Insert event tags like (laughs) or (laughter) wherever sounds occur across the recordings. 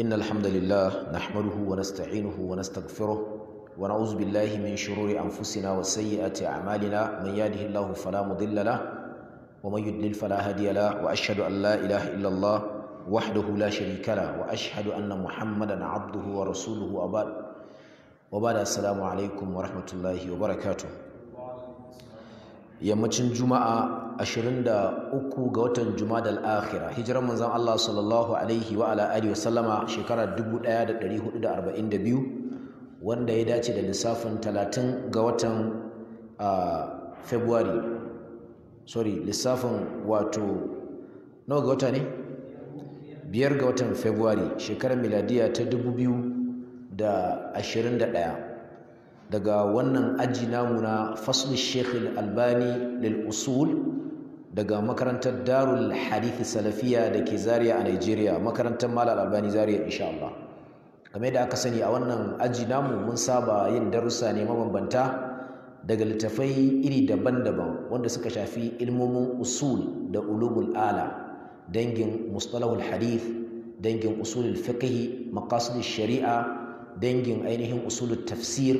إن الحمد لله نحمده ونستعينه ونستغفره ونعوذ بالله من شرور أنفسنا وسيئات أعمالنا من يهده الله فلا مضل له ومن يضلل فلا هادي له وأشهد أن لا إله إلا الله وحده لا شريك له وأشهد أن محمدا عبده ورسوله وبعد وبعد السلام عليكم ورحمة الله وبركاته yammacin juma'a 23 ga watan juma'a Jumadal Akhira hijiran manzon Allah sallallahu alaihi wa ala alihi wasallama shekara 1442 wanda ya dace da lissafin 30 ga watan February sorry lissafin wato nawa ga wata ne biyar ga watan February shekarar miladiya ta 2021 daga wannan aji namu na faslul sheikh albani lil usul daga makarantar darul hadithi salafiya da ke Zariya a nigeria makarantar malal albani Zariya insha Allah game da aka sani a wannan aji namu mun saba yin darussa ne mabambanta daga littafai iri daban-daban wanda suka shafi ilmomin usul da ulugul ala dangin mustalahul hadith dangin usulul fiqh maqasidul shari'a dangin ainihin usulun tafsir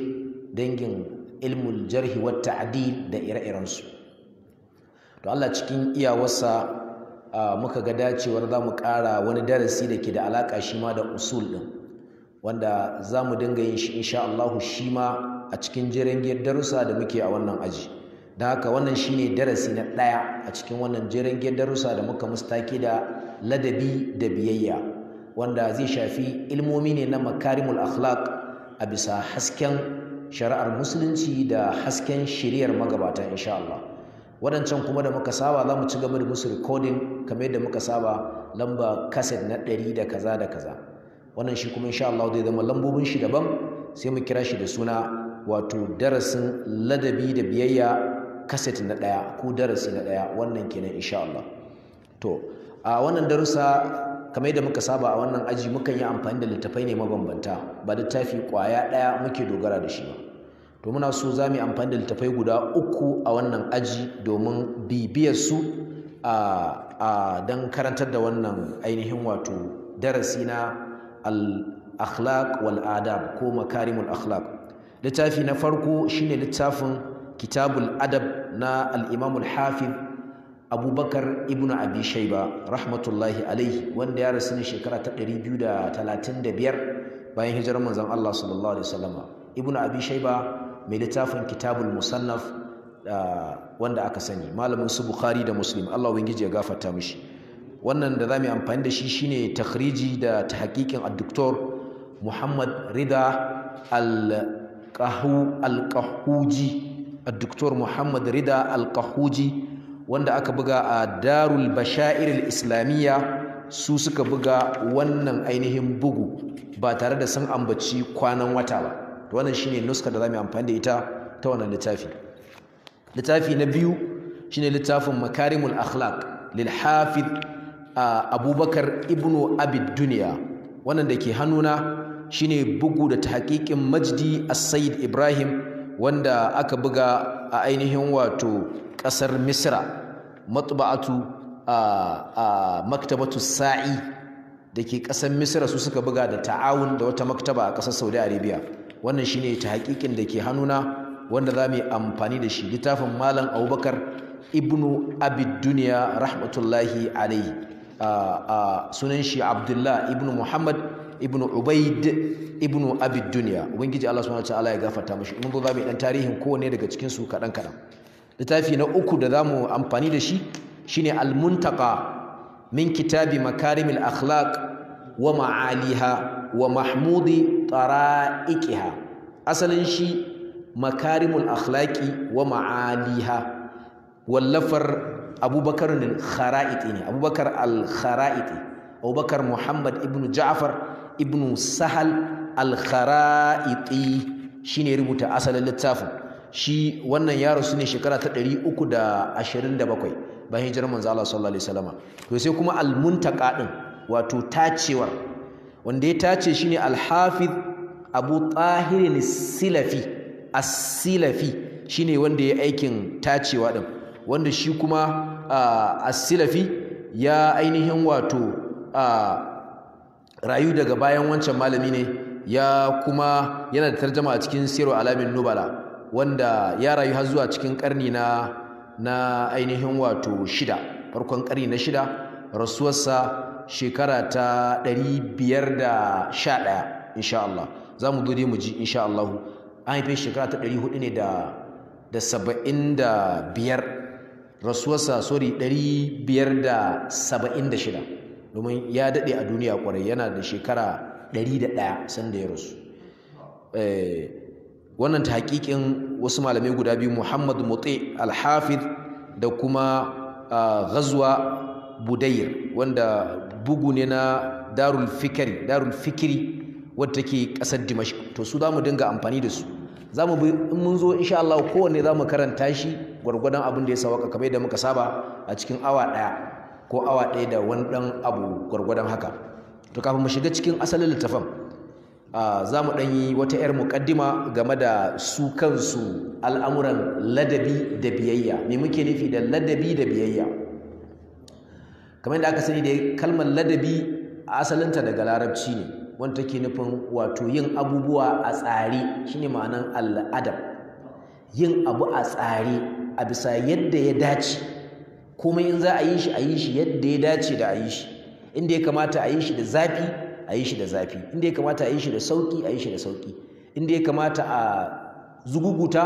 dangin ilmul jarhi wat ta'dil da ire-irensu to Allah cikin iyawarsa muka ga dacewar za mu ƙara wani darasi da ke da alaƙa shi ma da usul ɗin wanda za mu dinga yin shi insha Allahu shi ma a cikin jirangiyar darussa da muke a wannan aji don haka wannan shi ne darasi na ɗaya a cikin wannan jirangiyar darussa da muka mustaki da ladabi da biyayya wanda zai shafi ilmomi ne na makarimul akhlaq a bisa hasken shari'ar musulunci da hasken shiriyar magabata insha Allah waɗancan kuma da muka saba za mu ci gaba da musu recording kamar yadda muka saba lamba kaset na ɗari da kaza da kaza wannan shi kuma insha Allah zai zama lambobin shi daban sai mu kira shi da suna wato darasin ladabi da biyayya kaset na ɗaya ko darasi na ɗaya wannan kenan insha Allah to a wannan darussa kamar yadda muka saba a wannan aji mukan yi amfani da littafai ne mabambanta ba littafi kwaya ɗaya muke dogara da shi ba to muna so za mu yi amfani da littafai guda uku a wannan aji domin bibiyar su a don karantar da wannan ainihin wato darasi na al-akhlaq wal adab ko makarimul akhlaq littafi na farko shine littafin kitabul adab na al-imam hafiz abubakar ibn abi shaiba rahmatullahi alaihi wanda ya rasu ne shekara ta 235 bayan hijirar manzon Allah sallallahu alaihi wasallam ibn abi shaiba mai littafin kitabul musannaf ah, wanda aka sani malamin su bukhari da muslim Allah ubangiji ya gafarta mishi wannan da zamu amfani da shi shine takhriji da tahqiqin hakikin, Muhammad Rida al-Qahu Muhammad Rida al-Qahuji wanda aka buga a Darul Bashair islamiyya su suka buga wannan ainihin bugu ba tare da sun ambaci kwanan wata ba to wannan shine nuska da zamu amfani da ita ta wannan littafi littafi na biyu shine littafin makarimul akhlaq lil hafid abubakar ibnu abid dunya wannan da ke hannuna shine bugu da tahqiqin majdi as-sayyid ibrahim wanda aka buga a ainihin wato kasar misra matba'atu a maktabatu sa'i da kasar misra su suka buga da ta'awun da wata maktaba a kasar saudi arabia wannan shine ta hakikin da ke hannuna wanda za mu yi amfani da shi littafin malam abubakar ibnu abid duniya rahmatullahi alaihi sunan shi abdullah ibnu muhammad ibnu ubaid ibnu abid duniya ubangiji allah subhanahu ta'ala ya gafarta mashi mun zo za mu yi dan tarihin kowanne daga cikin su kaɗan kaɗan littafi na uku da za mu amfani da shi shine almuntaka min kitabi makarimil akhlaq wa ma'aliha wa mahmudi tara'iqiha asalin shi makarimul akhlaqi wa ma'aliha wallafar abubakar al-kharaiti ne abubakar al-kharaiti abubakar muhammad ibnu ja'far ibnu sahal al-kharaiti shine rubuta asalin littafin shi wannan yaro su ne shekara ta 327 bayan hijirar manzo Allah sallallahu alaihi wasallama to sai kuma al-muntaqa din wato tacewar wanda ya tace shi ne Alhafi abu tahirin silafi as-silafi shine wanda ya aikin tacewa din wanda shi kuma silafi ya ainihin wato rayu daga bayan wancan malami ne ya kuma yana da tarjama a cikin siro alamin nubala wanda ya rayu har zuwa cikin karni na ainihin wato shida farkon karni na shida rasuwarsa shekara ta 511 insha Allah za mu dode mu ji insha Allah an haife shekara ta 400 ne da da 75 rasuwarsa sorry 576 domin ya dade a duniya kwarai yana da shekara 101 sanda ya rasu eh, wannan ta hakikin wasu malamai guda biyu Muhammad Mutai al da kuma ah, Ghazwa Budayr wanda bugu ne na darul fikiri darul fikiri wadda take ƙasar dimashq to su zamu dinga amfani da su za bi in mun zo insha Allah kowanne za karanta shi gwargwadon abin da ya sawaka kamar yadda muka saba a cikin awa ɗaya ko awa ɗaya da wani dan abu gwargwadon haka to kafin mu shiga cikin asalin littafin za mu ɗan yi wata 'yar muqaddima game da su kansu al'amuran ladabi da biyayya me muke nufi da ladabi da biyayya kamar da aka sani da kalmar ladabi asalinta daga larabci ne wanda take nufin wato yin abubuwa a tsare shine ma'anar al'adab yin abu a tsare a bisa yadda ya dace komai in za a yi shi a yi shi yadda ya dace da a yi shi inda ya kamata a yi shi da zafi a yi shi da zafi inda ya kamata a yi shi da sauki a yi shi da sauki inda ya kamata a zuguguta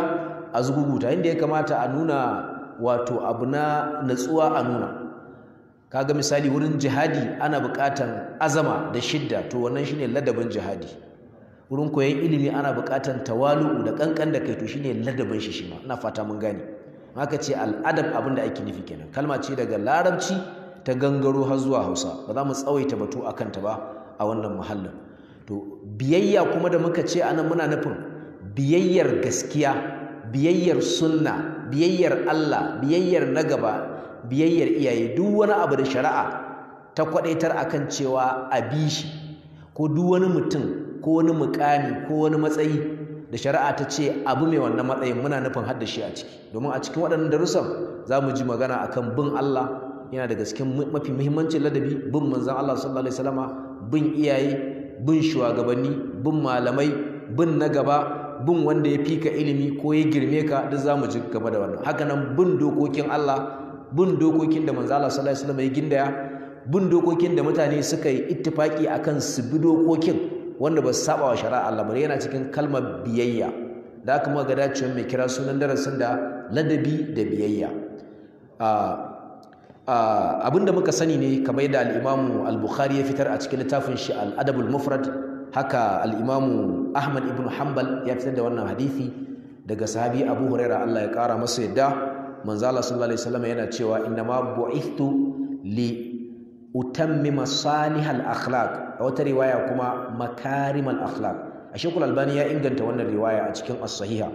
a zuguguta inda ya kamata a nuna wato abu na natsuwa a nuna kaga misali wurin jihadi ana buƙatan azama da shidda to wannan shine ladabin jihadi wurin koyon ilimi ana buƙatan tawalu da kankan da kai to shine ladabin shi shima ina fata mun gane haka ce al'adab abin da ake nufi kenan kalma ce daga larabci ta gangaro har zuwa Hausa ba za mu tsawaita batu akan ta ba a wannan muhallin to biyayya kuma da muka ce anan muna nufin biyayyar gaskiya biyayyar sunna biyayyar Allah biyayyar na gaba biyayyar iyaye duk wani abu da shari'a ta kwadaitar akan cewa a bi shi ko duk wani mutum ko wani mukami ko wani matsayi da shari'a ta ce abu mai wannan matsayin muna nufin hadda shi a ciki domin a cikin waɗannan darussan za mu ji magana akan bin Allah yana daga cikin mafi muhimmancin ladabi bin manzon Allah sallallahu alaihi wasallama bin iyaye bin shugabanni bin malamai bin na gaba bin wanda ya fika ilimi ko ya girme ka duk za mu ji game da wannan haka nan bin dokokin Allah bin dokokin da Manzala sallallahu alaihi wasallam gindaya bin dokokin da mutane suka yi ittifaki akan su bi dokokin wanda ba su saba wa shari'a Allah yana cikin kalmar biyayya da aka muka ga dacewa mai kira sunan darasin da ladabi da biyayya abinda muka sani ne kamar yadda al-Imam al-Bukhari ya fitar a cikin littafin shi al-Adab mufrad haka al Ahmad ibn Hanbal ya fitar da wannan hadisi daga sahabi Abu Hurairah Allah ya kara masa yadda Manzala sallallahu alaihi yana cewa innama ma li utammima salihal akhlaq a wata riwaya kuma makarimal akhlaq a shekul albani ya inganta wannan riwaya a cikin as-sahiha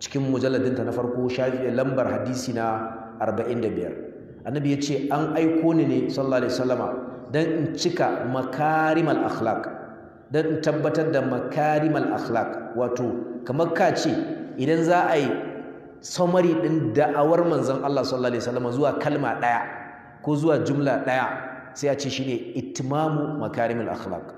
cikin mujalladinta na farko shafi lambar hadisi na 45 annabi ya ce an aiko ni ne sallallahu alaihi wasallama dan in cika makarimal akhlaq dan in tabbatar da makarimal akhlaq wato kamar ka ce idan za a yi samari ɗin da'awar manzon Allah sallallahu alaihi wasallam zuwa kalma ɗaya ko zuwa jumla ɗaya sai a ce shine itimamu makarimul akhlaq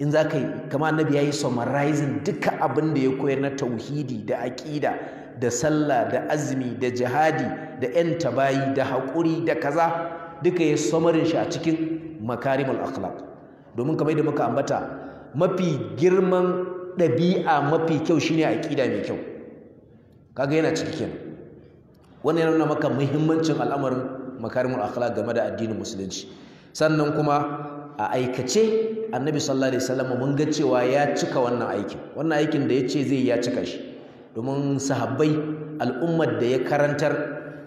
in za ka yi kama annabi ya yi summarizing duka abin da ya koyar na tauhidi da aƙida da sallah da azumi da jihadi da yan tabayi da haƙuri da kaza duka ya samarin shi a cikin makarimul akhlaq domin kamar da muka ambata mafi girman ɗabi'a mafi kyau shine aƙida mai kyau kaga yana ciki kenan wannan yana nuna maka muhimmancin al'amarin makarimul akhlaq game da addinin musulunci sannan kuma a aikace annabi sallallahu alaihi wasallam mun ga cewa ya cika wannan aikin wannan aikin da yace zai ya cika shi domin sahabbai al'ummar da ya karantar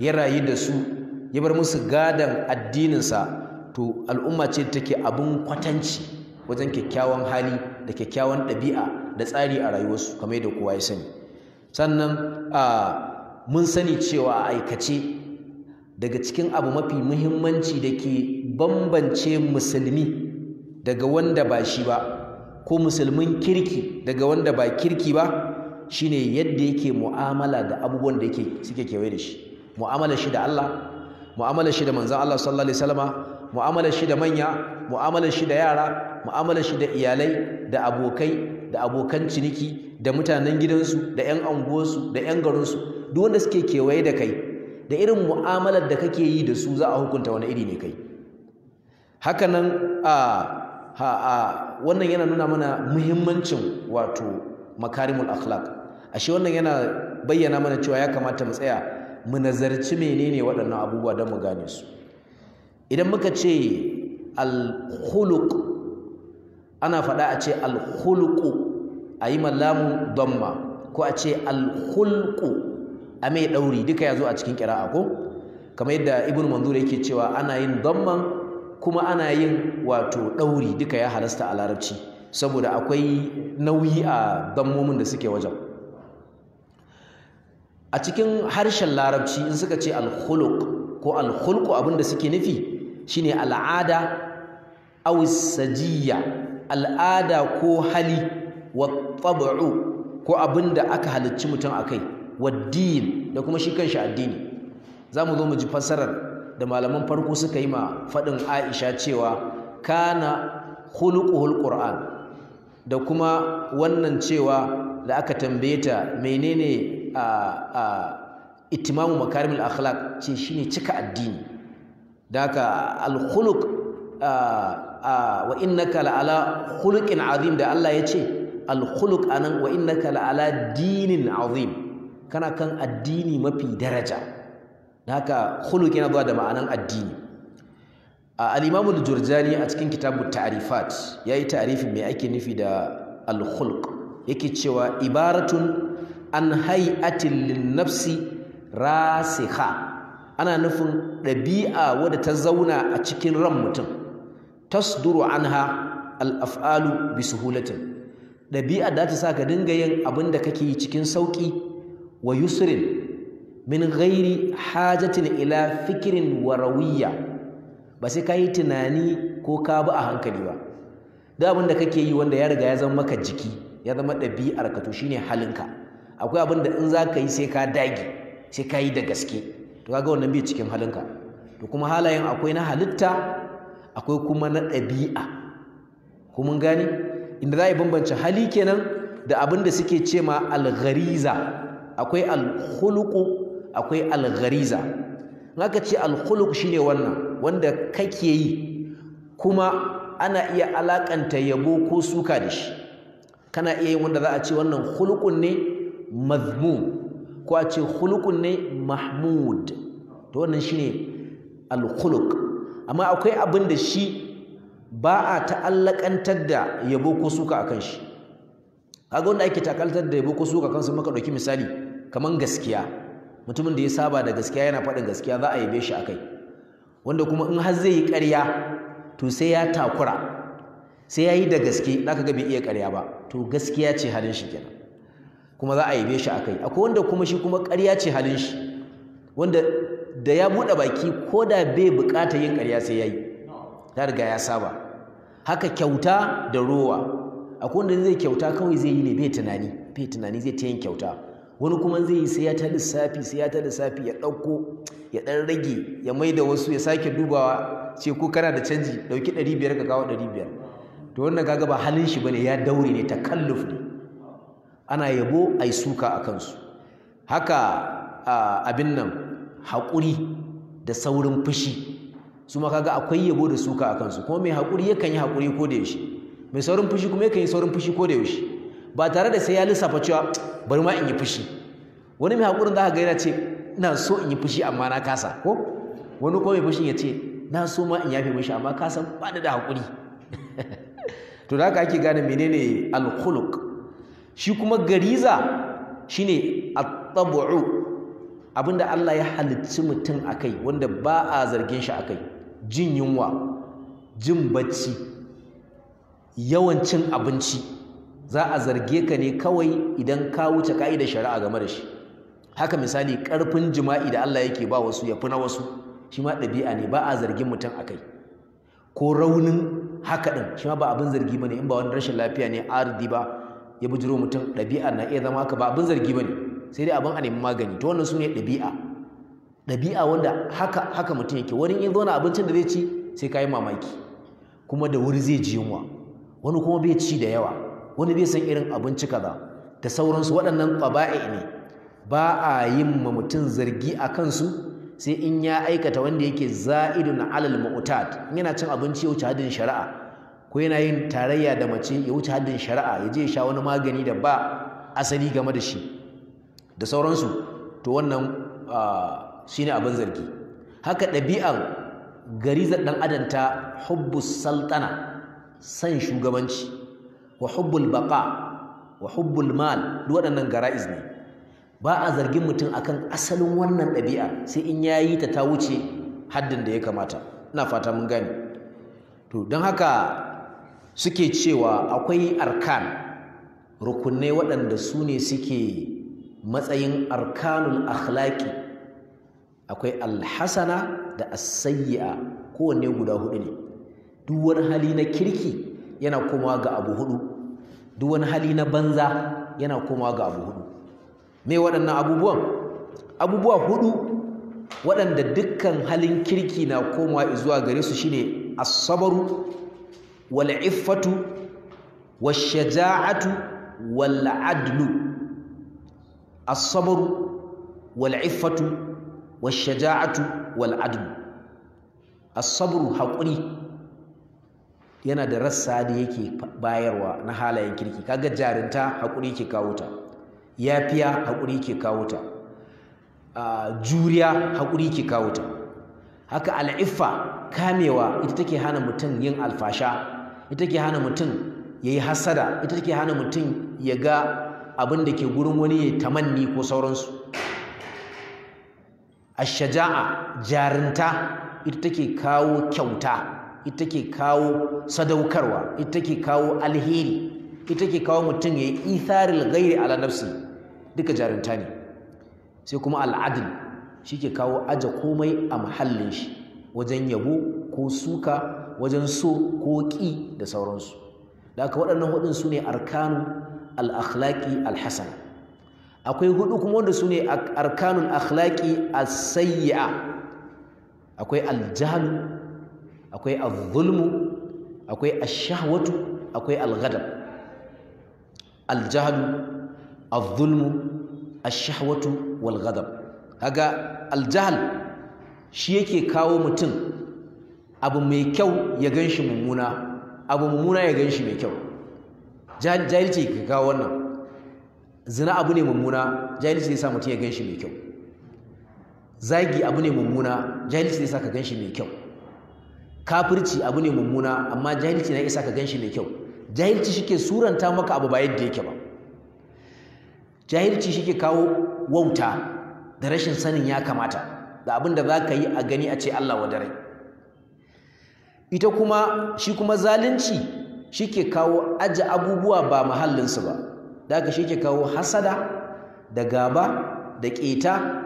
ya rayu da su ya bar musu gadan addininsa to al'umma ce take abin kwatanci wajen kyakkyawan hali da kyakkyawan ɗabi'a da tsari a rayuwarsu kamar yadda kowa ya sani sannan mun sani cewa a aikace daga cikin abu mafi muhimmanci da ke bambance musulmi daga wanda ba shi ba ko musulmin kirki daga wanda ba kirki ba shine yadda yake mu'amala da abubuwan da suke kewaye da shi mu'amala shi da Allah mu'amala shi da manzan Allah sallallahu alaihi wasallama mu'amala shi da manya mu'amala shi da yara mu'amala shi da iyalai da abokai da abokan ciniki da mutanen gidansu da 'yan anguwarsu da 'yan garinsu duk wanda suke kewaye da kai da irin mu'amalar da kake yi da su za a hukunta wani iri ne kai hakanan a a wannan yana nuna mana muhimmancin wato makarimul akhlaq ashe wannan yana bayyana mana cewa ya kamata mu tsaya mu nazarci menene waɗannan abubuwa don mu gane su idan muka ce al ana faɗa a ce al-khuluqu a yi mallamu damma ko a ce alhulku a mai ɗauri duka ya zo a cikin ƙira'a ko kamar yadda ibn manzur yake cewa ana yin damman kuma ana yin wato ɗauri duka ya halasta a larabci saboda akwai nauyi a dammomin da suke wajen a cikin harshen larabci in suka ce alhuluk ko alhulku abin da suke nufi shine al'ada aw al'ada ko hali wattab'u ko abin da aka halicci mutum akai waddin da kuma shi kanshi addini zamu zo mu ji fassarar da malaman farko suka yi ma faɗin Aisha cewa kana khuluquhul Qur'an da kuma wannan cewa da aka tambaye ta menene a a itimamu makarimul akhlaq ce shine cika addini da haka al khuluq wa innaka la ala khuluqin azim da Allah ya ce alkhuluk anan wa innaka la'ala dinin azim kana kan addini mafi daraja haka khuluq yana zuwa da ma'anan addini al-imam al-jurjani a cikin ta'arifat ta'rifat yayi tarifi mai ake nufi da alkhuluk, yake cewa ibaratun an hay'atin lin-nafsi rasikha ana nufin ɗabi'a wadda ta zauna a cikin ran mutum tasduru anha al-af'alu bi suhulatin ɗabi'a da ta sa ka dinga yin abin da kake yi cikin sauƙi wa yusrin min ghairi hajatin ila fikirin wa warawiyya ba sai ka yi tunani ko ka bi a hankali ba da abin da kake yi wanda ya riga ya zama maka jiki ya zama ɗabi'ar ka to shine halinka akwai abin da in za ka yi sai ka dage sai ka yi da gaske to kaga wannan bai cikin halinka to kuma halayen akwai na halitta akwai kuma na ɗabi'a kuma gani inda za a yi bambanci hali kenan da abin da suke ce ma alghariza akwai alkhuluqu akwai alghariza in aka ce shi shine wannan wanda kake yi kuma ana iya alakanta yabo ko suka da shi kana iya yin wanda za a ce wannan khuluqun ne mazmum ko a ce khuluqun ne mahmud to wannan shine alkhuluq amma akwai abin da shi ba a ta'allakantar da yabo ko suka akan shi kaga wanda ake takaltar da yabo ko suka kansu maka dauki misali kaman gaskiya mutumin da ya saba da gaskiya yana faɗin gaskiya za a yabe shi akai wanda kuma in har zai yi ƙarya to sai ya takura sai ya yi da gaske zaka ga bai iya ƙarya ba to gaskiya ce halin shi kenan kuma za a yabe shi akai akwai wanda kuma shi kuma ƙarya ce halin shi wanda da ya buɗe baki ko da bai buƙata yin ƙarya sai ya yi ta riga ya saba haka kyauta da rowa akwai wanda zai kyauta kawai zai yi ne bai tunani bai tunani zai ta yin kyauta wani kuma zai yi sai ya ta lissafi sai ya ta lissafi ya ɗauko ya ɗan rage ya mai da wasu ya sake dubawa ce ko kana da canji ɗauki ɗari biyar ka kawo ɗari biyar to wannan kaga ba halin shi bane ya daure ne ta kalluf ne ana yabo ai suka a kansu haka abin nan haƙuri da saurin fushi su ma ga akwai yabo da suka a su kuma mai haƙuri yakan yi haƙuri ko da yaushe mai saurin fushi kuma yakan yi saurin fushi ko da yaushe ba tare da sai ya lissafa cewa bari ma in yi fushi wani mai haƙurin za ka ga yana ce ina so in yi fushi amma na kasa ko wani kuma mai fushin ya ce na so ma in yafe mishi amma ka san ba da haƙuri (laughs) to da haka ake gane menene alkhuluq shi kuma gariza shine at-tab'u abinda Allah ya halicci mutum akai wanda ba a zargin shi akai jin yunwa jin bacci yawan cin abinci za a zarge ka ne kawai idan ka wuce ka'idar shari'a game da shi haka misali karfin jima'i da Allah yake ba wasu ya fi na wasu shi ma ɗabi'a ne ba a zargin mutum a kai ko raunin haka ɗin shi ma ba abin zargi ba ne in ba wani rashin lafiya ne ardi ba ya bujiro mutum ɗabi'a na iya zama haka ba abin zargi ba ne sai dai abin a nemi magani to wannan su ne ɗabi'a ɗabi'a wanda haka haka mutum yake wani in zauna abincin da zai ci sai ka yi mamaki kuma da wuri zai ji yunwa wani kuma bai ci da yawa wani bai san irin abinci kaza da sauransu waɗannan ƙaba'i ne ba a yin ma mutum zargi a kansu sai in ya aikata wanda yake na alal mu'tad yana cin abinci ya wuce haddin shari'a ko yana yin tarayya da mace ya wuce haddin shari'a ya je ya sha wani magani da ba asali game da shi da sauransu to wannan ah, shine abin zargi haka ɗabi'ar garizar ɗan adam ta hubbus saltana san shugabanci wa hubbul baqa wa hubbul mal duk waɗannan gara'iz ne ba a zargin mutum akan asalin wannan ɗabi'a sai in yayi ta ta wuce haddin da ya kamata ina fata mun gane to don haka suke cewa akwai arkan rukunai waɗanda su ne suke matsayin arkanul akhlaqi akwai alhasana da asayya kowanne guda hudu ne duk wani hali na kirki yana komawa ga abu hudu duk wani hali na banza yana komawa ga abu hudu me waɗannan abubuwan abubuwa hudu waɗanda dukkan halin kirki na komawa zuwa gare su shine asabaru wal iffatu washaja'atu wal adlu asabaru wal iffatu washaja'atu wal الصبر حقري haƙuri yana da rassa da yake bayarwa na halayen kirki kaga jarinta hakuri yake kawo ta yafiya hakuri yake kawo ta juriya haƙuri yake kawo ta haka al'iffa kamewa ita take hana mutum yin alfasha ita take hana mutum ya yi hasada ita take hana mutum ya ga abin da ke gurin wani ya tamanni ko sauransu ashaja'a jarinta ita take kawo kyauta ita take kawo sadaukarwa ita take kawo alheri ita take kawo mutum ya yi itharil ghairi ala nafsi duka jarinta ne sai kuma al'adil shi ke kawo aja komai a muhallin shi wajen yabo ko suka wajen so ko ƙi da sauransu da haka waɗannan hudun su ne arkanu al-akhlaqi al-hasana akwai hudu kuma wanda su ne arkanun akhlaki as-sayyi'a akwai al akwai azzulmu, akwai ashahwatu shahwatu akwai alghadab ghadab azzulmu, ashahwatu walghadab kaga aljahal shi yake kawo mutum abu mai kyau ya ganshi mummuna abu mummuna ya ganshi mai kyau jahilci ka kawo wannan zina abu ne mummuna jahilci ne sa mutum ya ganshi mai kyau zagi abu ne mummuna jahilci ne sa ka ganshi mai kyau kafirci abu ne mummuna amma jahilci na isa ka ganshi mai kyau jahilci shike suranta maka abu ba yadda yake ba jahilci shike kawo wauta da rashin sanin ya kamata da abin da za ka yi a gani a ce Allah wa dare ita kuma shi kuma zalunci shike kawo aje abubuwa ba mahallinsu ba da aka shi ke kawo hasada da gaba da ƙeta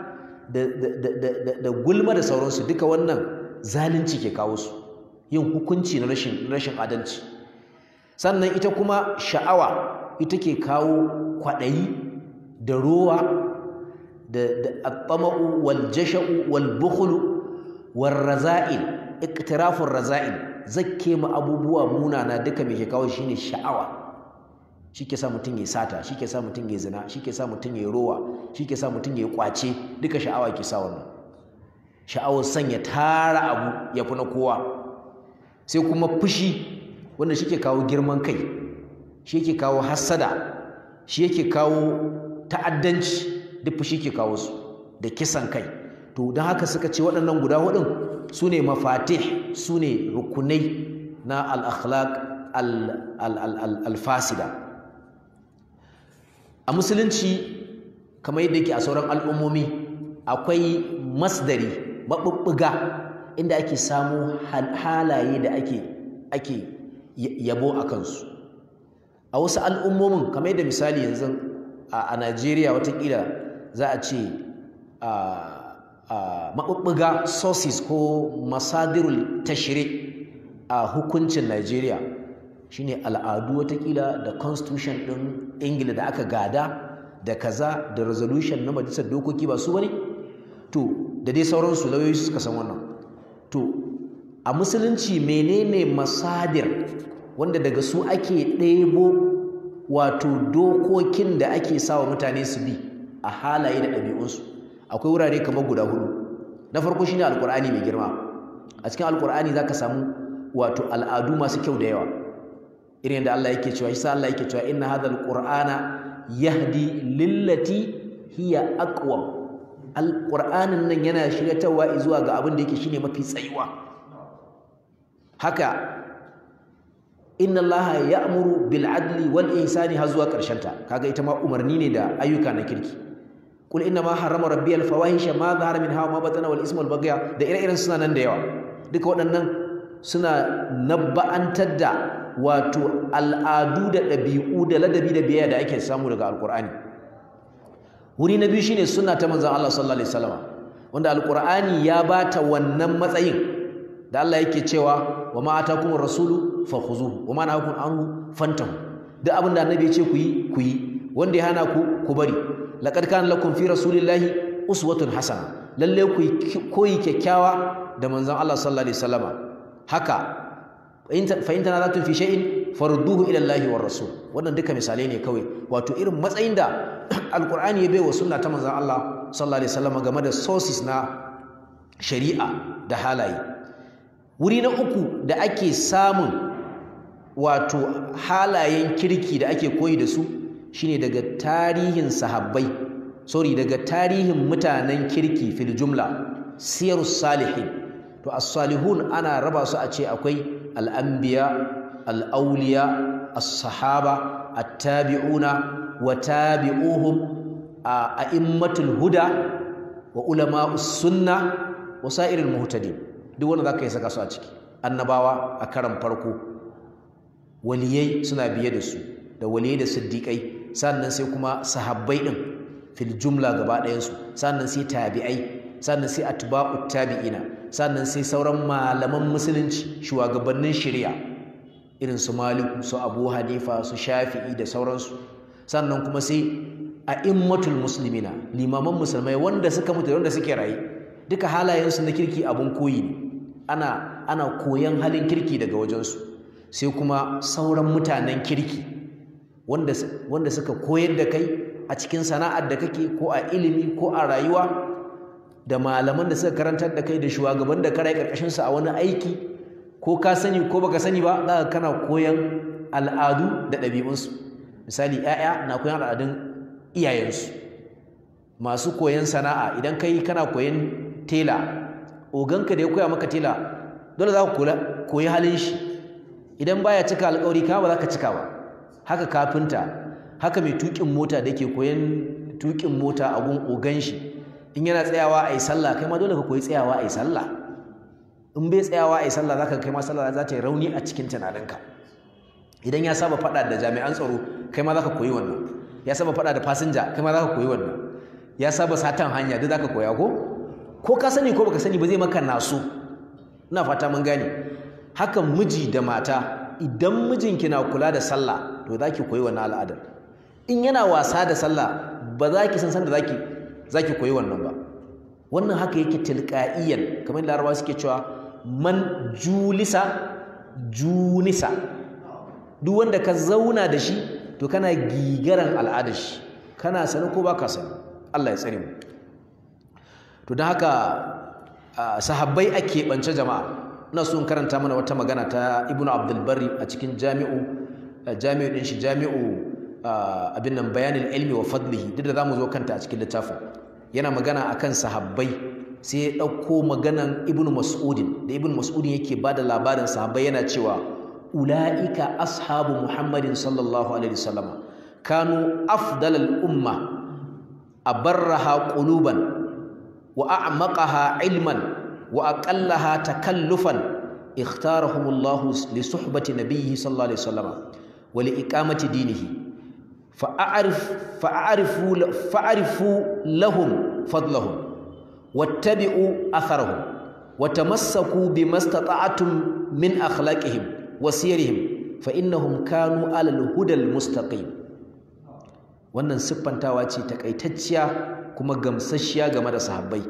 da gulma da sauransu duka wannan zalunci ke kawo su yin hukunci na rashin adalci sannan ita kuma sha'awa ita ke kawo kwaɗayi da rowa da attama'u wal jasha'u wal bukhlu wal raza'il iktirafin raza'il zakke mu abubuwa munana duka mai ke kawo shine sha'awa shi ke sa mutum ya sata shi ke sa mutum ya zina shi ke sa mutum ya rowa shi ke sa mutum ya kwace duka sha'awa ke sa wannan sha'awar son ya tara abu ya fi na kowa sai kuma fushi wanda shi ke kawo girman kai shi ke kawo hassada shi ke kawo ta'addanci duk fushi ke kawo su da kisan kai to don haka suka ce waɗannan guda hudun su ne mafatih su ne rukunai na al-akhlaq al-fasida a musulunci kamar yadda yake a sauran al'ummomi akwai masdari maɓuɓɓuga inda ake samu halaye da ake ake yabo a kansu a wasu al'ummomin kamar yadda misali yanzu a najeriya watakila za a ce maɓuɓɓuga sources ko masadirul tashire a hukuncin najeriya shine al'adu watakila da constitution ɗin ingila da aka gada da kaza da resolution na majalisar dokoki ba su bane to da dai sauransu lauyoyi suka san wannan to a musulunci menene masadir wanda daga su ake ɗebo wato dokokin da ake sawa mutane su bi a halaye da ɗabi'unsu akwai wurare kamar guda hudu na farko shine alkur'ani mai girma a cikin alkur'ani ka samu wato al'adu masu kyau da yawa irin da Allah yake cewa isa Allah yake cewa inna hadhal qur'ana yahdi lillati hiya aqwa alqur'anin nan yana shiryatawa zuwa ga abin da yake shine mafi tsayuwa haka inna Allah ya'muru bil adli wal ihsani har zuwa karshen ta kaga ita ma umarni ne da ayyuka na kirki kul inna ma harrama rabbi al fawahisha ma dhahara minha ma batana wal ismu al baghya da ire-iren suna nan da yawa duka waɗannan suna nabba'antar da wato al'adu da ɗabi'u da ladabi da biyayya da ake samu daga alƙur'ani wuri na biyu shine sunna ta manzon Allah sallallahu alaihi wasallam wanda alƙur'ani ya bata wannan matsayin da Allah yake cewa wa ma atakum rasulu fakhuzuhu wa ma nahakum anhu fantahu duk abin da annabi ya ce ku yi ku yi wanda ya hana ku ku bari laqad kana lakum fi rasulillahi uswatun hasana lalle ku koyi kyakkyawa da manzon Allah sallallahu haka na za tun fi shay'in farduhu ila Allah wa rasul wannan duka misalai ne kawai wato irin matsayin da (clears throat) alqur'ani ya bai wa sunna ta manzon Allah sallallahu alaihi wasallam game da sources na shari'a da halaye wuri na uku da ake samun wato halayen kirki da ake koyi da su shine daga tarihin sahabbai sorry daga tarihin mutanen kirki fil jumla siyarus salihin to as-salihun ana raba su a ce akwai al-anbiya al-awliya sahaba at-tabi'una wa tabi'uhum a'immatul huda wa ulama'us sunna wa sa'iril muhtadin duk wanda zaka yi saka su a ciki annabawa a karan farko waliyai suna biye da su da waliyai da siddiƙai sannan sai kuma sahabbai ɗin fil jumla gaba ɗayansu sannan sai tabi'ai sannan sai atba'ut tabi'ina sannan sai sauran malaman musulunci shugabannin shari'a irin su maliku su abu hanifa su shafi'i da sauransu sannan kuma sai a immatul musulmina, limaman musulmai wanda suka mutu wanda suke raye duka halayensu na kirki abin koyi ne ana ana koyan halin kirki daga wajensu sai kuma sauran mutanen kirki wanda wanda suka koyar da kai a cikin sana'ar da kake ko a ilimi ko a rayuwa da malaman da suka karantar da kai da shugaban da karai karkashin su a wani aiki ko ka sani ko baka sani ba za ka kana koyan al'adu da ɗabi'unsu misali 'ya'ya na koyan al'adun iyayensu masu koyan sana'a idan kai kana koyan tela oganka da ya koya maka tela dole za ka koyi halin shi idan baya cika alƙawari ka ba za ka cika ba haka kafinta haka mai tuƙin mota da ke koyan tuƙin mota a gun ogan shi in yana tsayawa a yi sallah kai ma dole ka koyi tsayawa a yi sallah in bai tsayawa a yi sallah za ka kai ma sallah za ta yi rauni a cikin tunaninka idan ya saba faɗa da jami'an tsaro kai ma za ka koyi wannan ya saba faɗa da fasinja kai ma za ka koyi wannan ya saba satan hanya duk za ka koya ko ko ka sani ko baka sani ba zai maka naso ina fata mun gane hakan miji da mata idan mijinki na kula da sallah to za ki koyi wannan al'adar in yana wasa da sallah ba za ki san san da za ki zaki koyi wannan ba wannan haka yake tilqa'iyan kamar larabawa suke cewa man julisa junisa duk wanda ka zauna da shi to kana gigaran al'adar shi kana sani ko ba ka sani Allah ya tsare mu to don haka sahabbai a keɓance jama'a ina so karanta mana wata magana ta ibnu abdul a cikin jami'u jami'u din shi jami'u abin nan bayanin ilmi wa fadlihi duk da zamu zo kanta a cikin littafin yana magana akan sahabbai sai ya ɗauko maganan ibn mas'udin da ibn mas'udin yake bada labarin sahabbai yana cewa ula'ika ashabu muhammadin sallallahu alaihi wasallam kanu afdalal umma abarraha quluban wa a'maqaha ilman wa aqallaha takallufan li الله لصحبة sallallahu alaihi الله عليه وسلم ولإقامة دينه fa'arifu lahum fadlahum wattabi'u atharahum وتمسكوا بما استطعتم من Fa ina فإنهم kanu alal hudal المستقيم wannan siffantawa ce takaitacciya kuma gamsasshiya game da sahabbai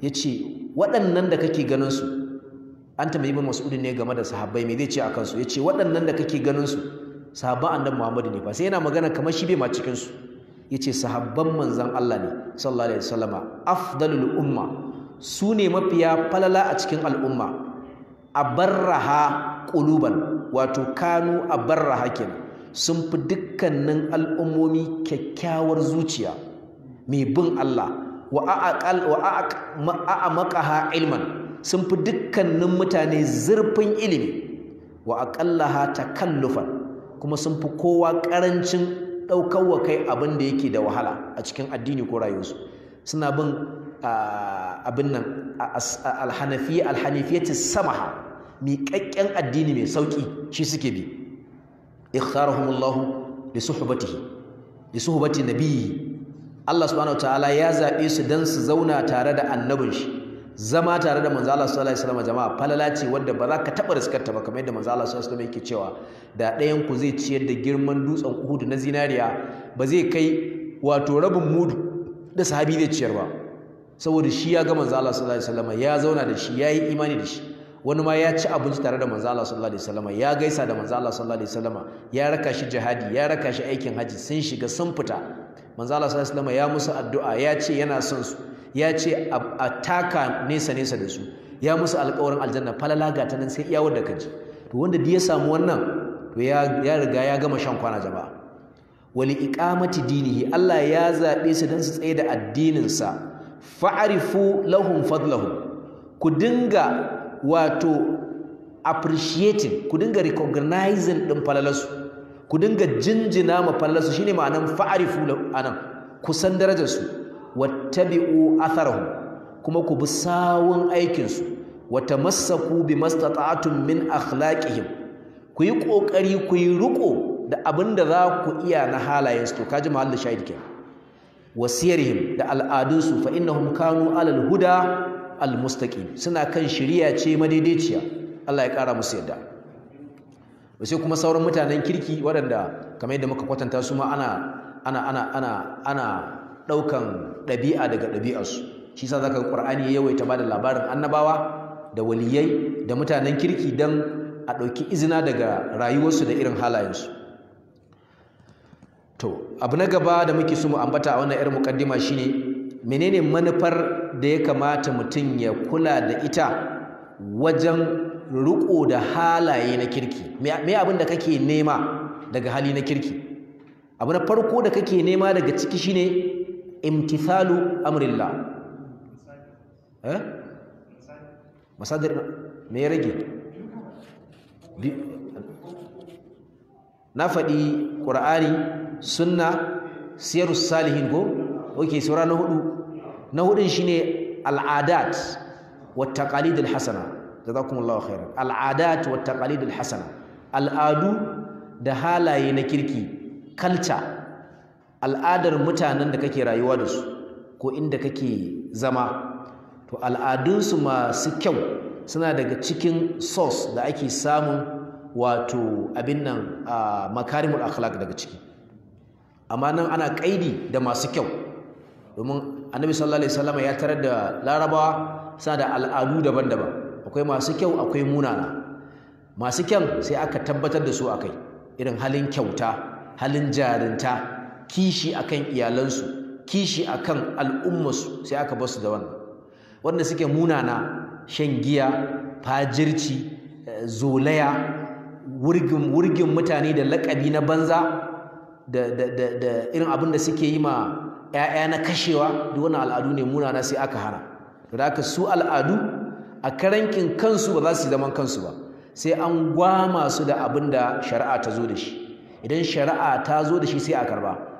yace waɗannan da kake ganin su an tambayi ibn mas'ud ne game da sahabbai me zai ce akan su yace waɗannan da kake ganin su sahabban annabi Muhammadu ne fa sai yana magana kamar shi bai ma cikin su yace sahabban manzan Allah ne sallallahu alaihi wasallama afdalul umma su ne mafiya falala a cikin al'umma abarraha quluban wato kanu abarraha kenan sun fi dukkanin al'ummomi kyakkyawar zuciya mai bin Allah wa maƙaha ilman sun fi dukkanin mutane zurfin ilimi wa aqallaha takallufan kuma sun fi kowa ƙarancin ɗaukar kai abin da yake da wahala a cikin addini ko rayuwarsu suna bin abin nan alhanafiya ta samaha miƙaƙƙen addini mai sauƙi shi suke bi ikhtarahumullahu li suhbatihi li suhbati nabiyyi Allah subhanahu ta'ala ya zaɓe su dan su zauna tare da annabin shi zama tare da manzo Allah sallallahu alaihi wasallam jama'a falala ce wanda ba za ka taba riskar ta ba kamar yadda manzo Allah sallallahu alaihi wasallam yake cewa da ɗayan ku zai ciyar da girman dutsen Uhud na zinariya ba zai kai wato rabin mudu da sahabi zai ciyar ba saboda shi ya ga manzo Allah sallallahu alaihi wasallam ya zauna da shi ya yi imani da shi wani ma ya ci abinci tare da manzo Allah sallallahu alaihi wasallam ya gaisa da manzo Allah sallallahu alaihi wasallam ya raka shi jihadi ya raka shi aikin haji sun shiga sun fita manzo Allah sallallahu alaihi wasallam ya musu addu'a ya ce yana son su ya ce a taka nesa nesa da su ya musu alƙawarin aljanna falala ga ta nan sai iyawar ka kaji to wanda da ya samu wannan to ya riga ya gama shan kwana jama'a wali iqamati dinihi Allah ya zaɓe su dan su tsaye da addininsa fa'rifu lahum fadlahum ku dinga wato appreciating ku dinga recognizing din falalarsu ku dinga jinjina ma falalarsu shine ma'anan fa'arifu anan kusan darajarsu wattabi'u atharahum kuma ku bi sawun aikinsu wa tamassaku bimastata'tum min akhlaqihim ku yi kokari ku yi riko da abin da za ku iya na halayensu to kaji mahall shahid ke wasiyarihim da al'adunsu fa innahum kanu alal huda almustaqim suna kan shiriya ce madaidaiciya Allah ya kara musu yadda sai kuma sauran mutanen kirki waɗanda kamar yadda muka kwatanta su ma ana ana ana ana ana Daukan ɗabi'a daga ɗabi'arsu shi sa zaka ƙur'ani ya yawaita ba labarin annabawa da waliyai da mutanen kirki don a ɗauki izina daga rayuwarsu da irin halayensu to abu na gaba da muke so mu ambata a wannan 'yar mukaddima shine menene manufar da ya kamata mutum ya kula da ita wajen riko da halaye na kirki me abin da kake nema daga hali na kirki abu na farko da kake nema daga ciki shine imtithalu amrillah eh masadir me rage na faɗi ƙur'ani sunna siyarus salihin ko okay sura na hudu na hudun shine al'adat wa taqalid al-hasana jazakumullahu khairan al'adat wa taqalid al al'adu da halaye na kirki culture al'adar mutanen da kake rayuwa da su ko inda kake zama to al'adunsu masu kyau suna daga cikin source da ake samun wato abin nan a makarimul akhlaq daga ciki amma nan ana kaidi da masu kyau domin annabi sallallahu alaihi wasallam ya tarar da larabawa suna da al'adu daban-daban akwai masu kyau akwai munana masu kyau sai aka tabbatar da su akai irin halin kyauta halin jarinta kishi akan iyalansu kishi akan al'ummarsu sai aka basu da wannan wanda suke munana shan giya fajirci eh, zolaya wurgin mutane da lakabi na banza da da irin abin da suke yi ma 'ya'ya na kashewa duk wani al'adu ne munana sai aka hana to da aka su al'adu a karankin kansu ba za su zama kansu ba sai an gwama su da abin da shari'a ta zo da shi idan shari'a ta zo da shi sai a karba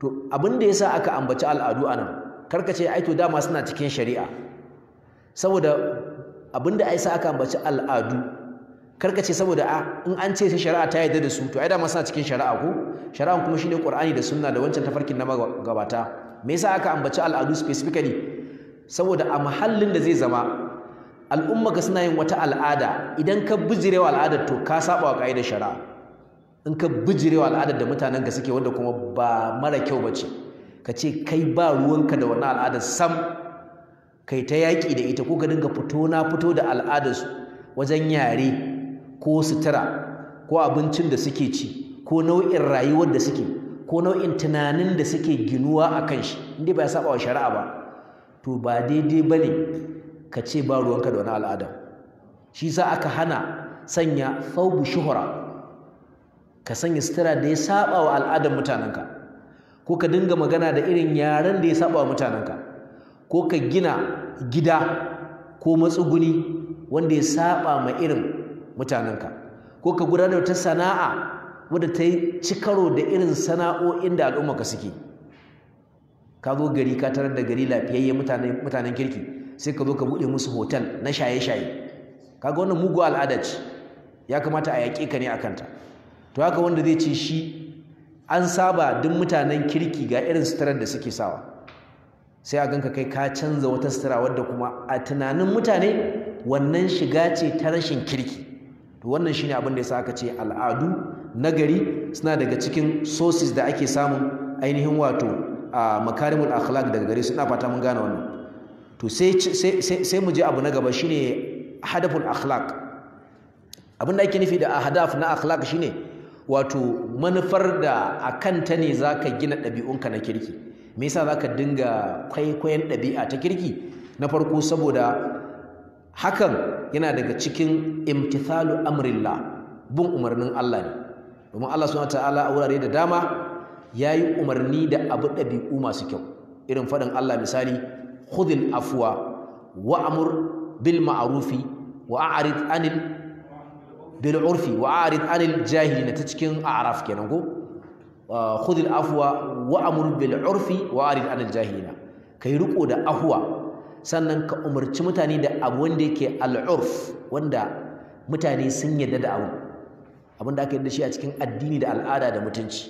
to abin da yasa aka ambaci al'adu anan karka ce ai to dama suna cikin shari'a saboda abin da ai sa aka ambaci al'adu karka ce saboda a ah, in an ce sai shari'a ta yarda da su to ai dama suna cikin shari'a ko shari'a kuma shine Qur'ani da Sunna da wancan tafarkin na gabata. me yasa aka ambaci al'adu specifically saboda a mahallin da zai zama al'umma ka suna yin wata al'ada idan ka bijirewa al'adar to ka saba wa ka'idar shari'a in ka bijirewa al'adar da mutanen ka suke wanda kuma ba mara kyau ba ce ka ce kai ba ruwanka da wannan al'adar sam kai ta yaƙi da ita ko ka dinga fito na fito da al'adarsu wajen yare ko sutura ko abincin da suke ci ko nau'in rayuwar da suke ko nau'in tunanin da suke ginuwa a kan shi inda ba ya saba wa shari'a ba to ba daidai ba ne ka ce ba ruwanka da wani al'ada shi sa aka hana sanya thawbu shuhura ka sanya sutura da ya saba wa al'adar mutanenka ko ka dinga magana da irin yaren da ya saba wa mutanenka ko ka gina gida ko matsuguni wanda ya saba ma irin mutanenka ko ka gudanar ta sana'a wadda ta yi ci da irin sana'o'in da ka suke ka zo gari ka tarar da gari lafiyayye mutanen kirki sai ka zo ka buɗe musu hotel na shaye-shaye kaga wannan mugu al'ada ce ya kamata a yaƙe ka ne a kanta to haka wanda zai ce shi an saba duk mutanen kirki ga irin sutarar da suke sawa sai a ganka kai ka canza wata sutura wadda kuma a tunanin mutane wannan shiga ce ta rashin kirki to wannan shine abin da yasa aka ce al'adu nagari suna daga cikin sources da ake samun ainihin wato a makarimul akhlaq daga gari su ina fata mun gane wannan to sai mu je abu na gaba shine hadaful akhlaq abin da ake nufi da hadaf na akhlaq shine wato manufar da a kanta ne za ka gina ɗabi'unka na kirki me yasa za ka dinga kwaikwayon ɗabi'a ta kirki na farko saboda hakan yana daga cikin imtithalu amrillah bin umarnin Allah ne domin Allah Suna ta'ala a wurare da dama ya yi umarni da abu ɗabi'u masu kyau irin faɗin Allah misali khudhil afuwa wa'mur bil ma'arufi wa a'arif anil bil urfi wa arid anil jahilina ta cikin a'raf kenan ko khudh al afwa wa amur bil urfi wa arid anil jahilina kai riko da ahwa sannan ka umarci mutane da abu wanda yake al urf wanda mutane sun yadda da abu abin da aka yadda shi a cikin addini da al'ada da mutunci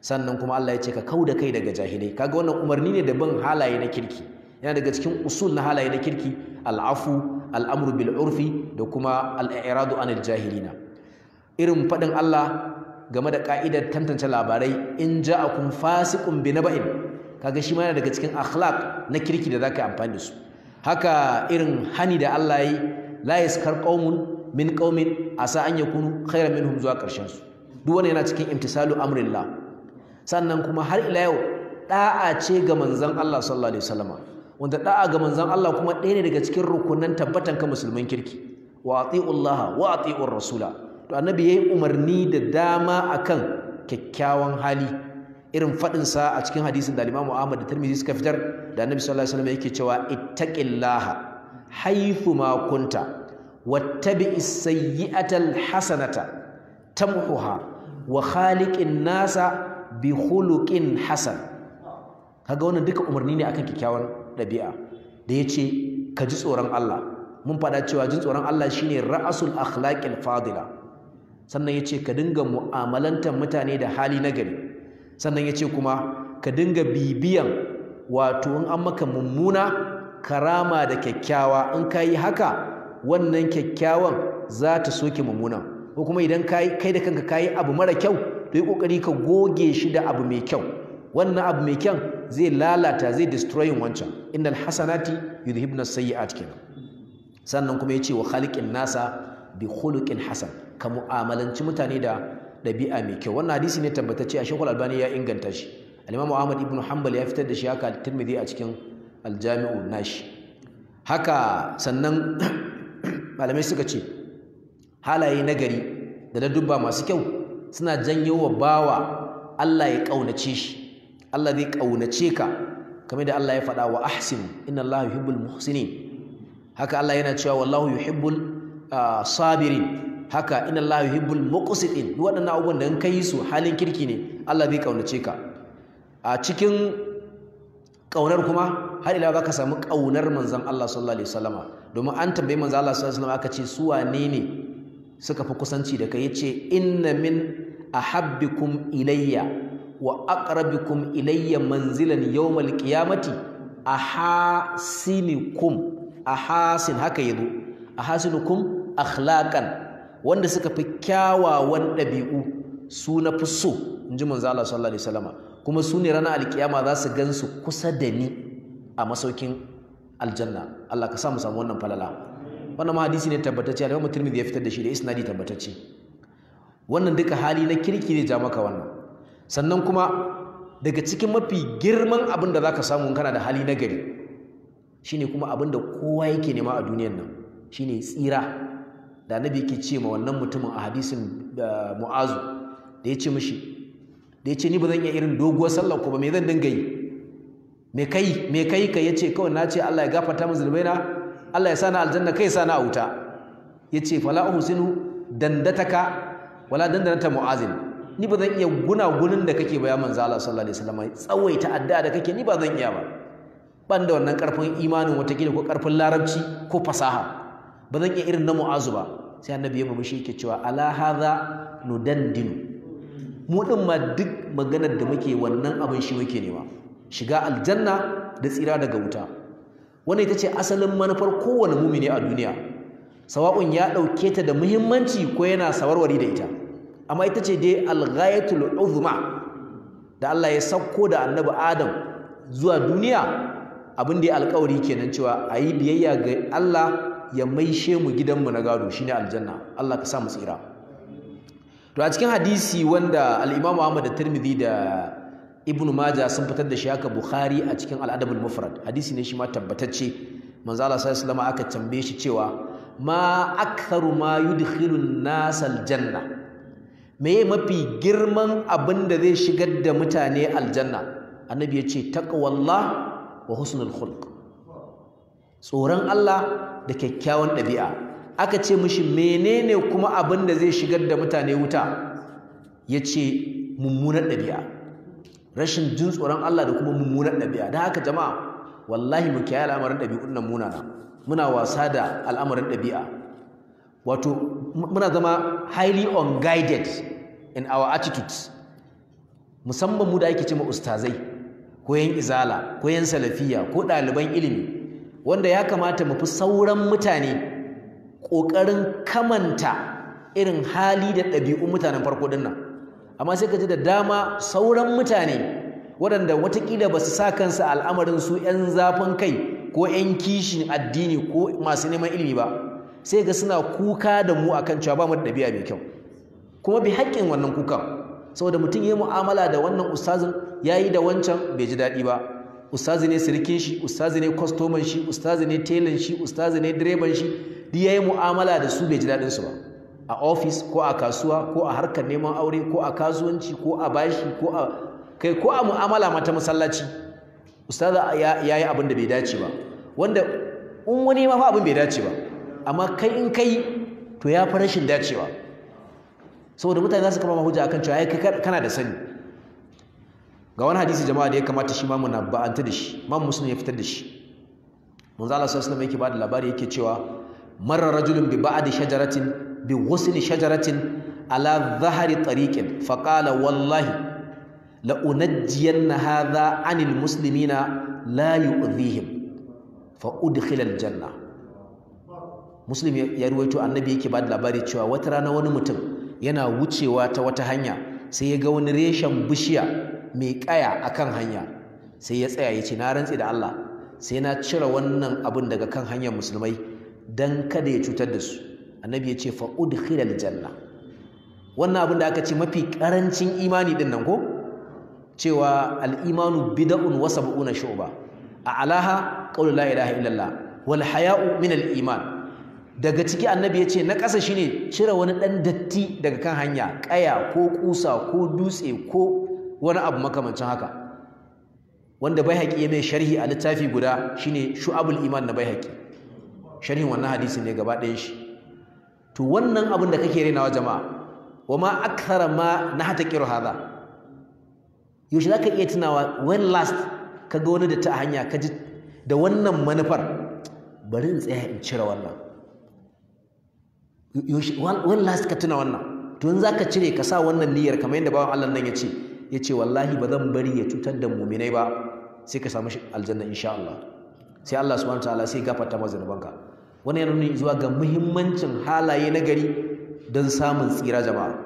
sannan kuma Allah ya ce ka kauda kai daga jahilai kaga wannan umarni ne da bin halaye na kirki yana daga cikin usul na halaye na kirki al'afu al'amuru bil da kuma al'iradu anil jahilina irin faɗin Allah game da ƙa'idar tantance labarai in ja a fasi fasiqun bi ba'in, kaga shi mana daga cikin akhlaq na kirki da za zaka amfani da su haka irin hani da Allah yi la yaskar qaumun min a sa an yakunu min minhum zuwa ƙarshen su duk wani yana cikin imtisalu amrillah sannan kuma har ila yau ɗa'a ce ga manzan Allah sallallahu alaihi wasallama wanda da'a ga manzon Allah kuma ɗaya ne daga cikin rukunan tabbatan ka musulman kirki wa atiullaha wa atiur rasula to annabi yayi umarni da dama akan kyakkyawan hali irin fadin sa a cikin hadisin da Imam Ahmad da Tirmidhi suka fitar da annabi sallallahu alaihi wasallam yake cewa ittaqillaha haythu ma kunta wattabi'is sayyi'atal hasanata tamhuha wa khaliqin nasa bi khuluqin hasan kaga wannan duka umarni ne akan kyakkyawan ɗabi'a da ya ce ka ji tsoron Allah mun faɗa cewa jin tsoron Allah shine ra'asul akhlaqil fadila sannan ya ce ka dinga mu'amalantar mutane da hali na gari. sannan ya ce kuma ka dinga bibiyan wato in an maka mummuna karama da kyakkyawa in ka yi haka wannan kyakkyawan za ta soke mummunan ko kuma idan kai da kanka ka yi abu mara kyau to yi ƙoƙari ka goge shi da abu mai kyau wannan abu mai kyan zai lalata zai destroying wancan innal hasanati yudhibna sayyi'at kenan sannan kuma ya ce wa khaliqin nasa bi khuluqin hasan ka mu'amalanci mutane da dabi'a mai kyau wannan hadisi ne tabbatacce a Sheikhul Albani ya inganta shi al-Imam Ahmad ibn Hanbal ya fitar da shi haka Tirmidhi a cikin al nashi haka sannan (clears throat) malamai suka ce halaye nagari da na dubba masu kyau suna janyo wa bawa Allah ya ƙaunace shi Allah zai ƙaunace ka kamar da Allah ya faɗa wa ahsin inna Allah yuhibbul muhsinin haka Allah yana cewa wallahu yuhibbul ah, sabirin haka inna Allah yuhibbul muqsitin waɗannan abubuwan da in kai su halin kirki ne Allah zai ƙaunace ka a cikin ƙaunar kuma har ila ka samu ƙaunar manzon Allah sallallahu alaihi wasallama domin an tambayi manzon Allah aka ce su wane ne suka fi kusanci da kai yace inna min ahabbikum ilayya wa aqrabikum ilayya manzilan yawmal qiyamati A ahasin haka yazo ahasinukum akhlaqan wanda suka fi kyawawan ɗabi'u su na fi so in ji manzo sallallahu alaihi wasallama kuma su ne ranar alkiyama za su gan kusa da ni a masaukin aljanna Allah ka sa mu samu wannan falala wannan ma hadisi ne tabbatacce al-Imam Tirmidhi ya fitar da shi da isnadi tabbatacce wannan duka hali na kirki ne ja maka wannan sannan kuma daga cikin mafi girman abin da za ka samu kana da hali nagari shine kuma abin da kowa yake nema a duniyar nan shine tsira da na yake ce ma wannan mutumin a hadisin mu'azu da ya ce mishi da ya ce ni ba zan iya irin doguwar sallar ko ba me zan dinga yi me kai me kai ka yace kawai na ce Allah ya gafarta min zulmaina Allah ya sani aljanna kai sani a wuta yace fala uhsinu dandataka wala dandanata mu'azin ni ba zan iya guna gunin da kake bayan manzo Allah sallallahu alaihi wasallam tsawaita addu'a da kake ni ba zan iya ba ban da wannan karfin imanin wata gida ko karfin larabci ko fasaha ba zan iya irin na mu'azu ba sai annabi ya shi yake cewa ala hadha nudandinu mu din ma duk maganar da muke wannan abin shi muke nema shiga aljanna da tsira daga wuta wannan ita ce asalin manufar kowane mumini a duniya sawa'un ya ɗauke ta da muhimmanci ko yana sawarwari da ita amma ita ce dai alghayatul uzma da Allah ya sauko da annabi Adam zuwa duniya abin da ya alkawari kenan cewa a yi biyayya ga Allah ya maishe mu gidan mu na gado shine aljanna Allah ka sa mu tsira to a cikin hadisi wanda al-Imam Ahmad da Tirmidhi da Ibn maja sun fitar da shi haka Bukhari a cikin al-Adab mufrad hadisi ne shi ma tabbatacce manzo Allah sallallahu alaihi wasallam aka tambaye shi cewa ma aktharu ma yudkhilun nasal janna me mafi girman abin da zai shigar da mutane aljanna annabi ya ce taqwallah wa husnul khulq tsoron Allah da kyakkyawan ɗabi'a aka ce mishi menene kuma abin da zai shigar da mutane wuta ya ce mummunar ɗabi'a rashin jin tsoron Allah da kuma mummunar ɗabi'a don haka jama'a wallahi mu kiyaye al'amarin ɗabi'un nan munana muna wasa da al'amarin ɗabi'a wato muna zama highly unguided in our attitudes musamman mu da ake cewa ustazai ko yan izala ko yan salafiya ko ɗaliban ilimi wanda ya kamata mu fi sauran mutane ƙoƙarin kamanta irin hali da ɗabi'un mutanen farko ɗin nan amma sai ka ji da dama sauran mutane waɗanda watakila ba su sa kansu al'amarin su 'yan zafin kai ko 'yan kishin addini ko masu neman ilimi ba sai ga suna kuka da mu akan cewa ba mu da ɗabi'a mai kyau kuma bi haƙƙin wannan kukan saboda mutum ya yi mu'amala da wannan ustazin ya yi da wancan bai ji daɗi ba ustazi ne sirikin shi ustazi ne kwastoman shi ustazi ne telan shi ustazi ne direban shi duk ya yi mu'amala da su bai ji daɗin su ba a ofis ko a kasuwa ko a harkar neman aure ko a kasuwanci ko a bashi ko a kai ko a mu'amala mata masallaci ustaza ya yi abin da bai dace ba wanda in wani ma fa abin bai dace ba amma kai in kai to ya fi rashin dacewa saboda mutane za su kama hujja akan cewa ai kana da sani ga wani hadisi jama'a da ya kamata shi ma muna ba'anta da shi ma muslim ya fitar da shi manzo Allah sallallahu alaihi yake ba da labari yake cewa marra rajulun bi ba'di shajaratin bi ghusli shajaratin ala dhahri tariqin fa qala wallahi la unajjiyanna hadha anil muslimina la yu'dhihim fa udkhila al janna muslim ya ruwaito annabi yake ba da labari cewa wata rana wani mutum yana wucewa ta wata hanya sai ya ga wani reshen bishiya mai kaya akan hanya sai ya tsaya ya ce na rantse da Allah sai na cire wannan abin daga kan hanyar musulmai dan kada ya cutar da su annabi ya ce fa udkhilal janna wannan abin da aka ce mafi karancin imani din nan ko cewa al-imanu bid'un wa sab'una shu'ba a alaha qul la ilaha illallah wal haya'u min al-iman daga ciki annabi ya ce na ƙasa shine cire wani ɗan datti daga kan hanya ƙaya ko ƙusa ko dutse ko wani abu makamancin haka wanda bai haƙi ya mai sharhi a littafi guda shine shu'abul iman na bai haƙi sharhin wannan hadisi ne gaba ɗayan shi to wannan abin da kake wa jama'a wa ma akthara ma na nahtaqiru hadha yaushe za ka iya tunawa when last ka ga wani da ta hanya ka ji da wannan manufar bari in tsaya in cire wannan wallahi ka tuna wannan to za ka cire ka sa wannan niyyar kamar yadda bawan Allah nan ya ce ya ce wallahi ba zan bari ya cutar da muminai ba sai ka samu aljanna insha Allah sai Allah subhanahu ta'ala sai gafarta ma zanubanka wani yana nuni zuwa ga muhimmancin halaye na gari don samun tsira jama'a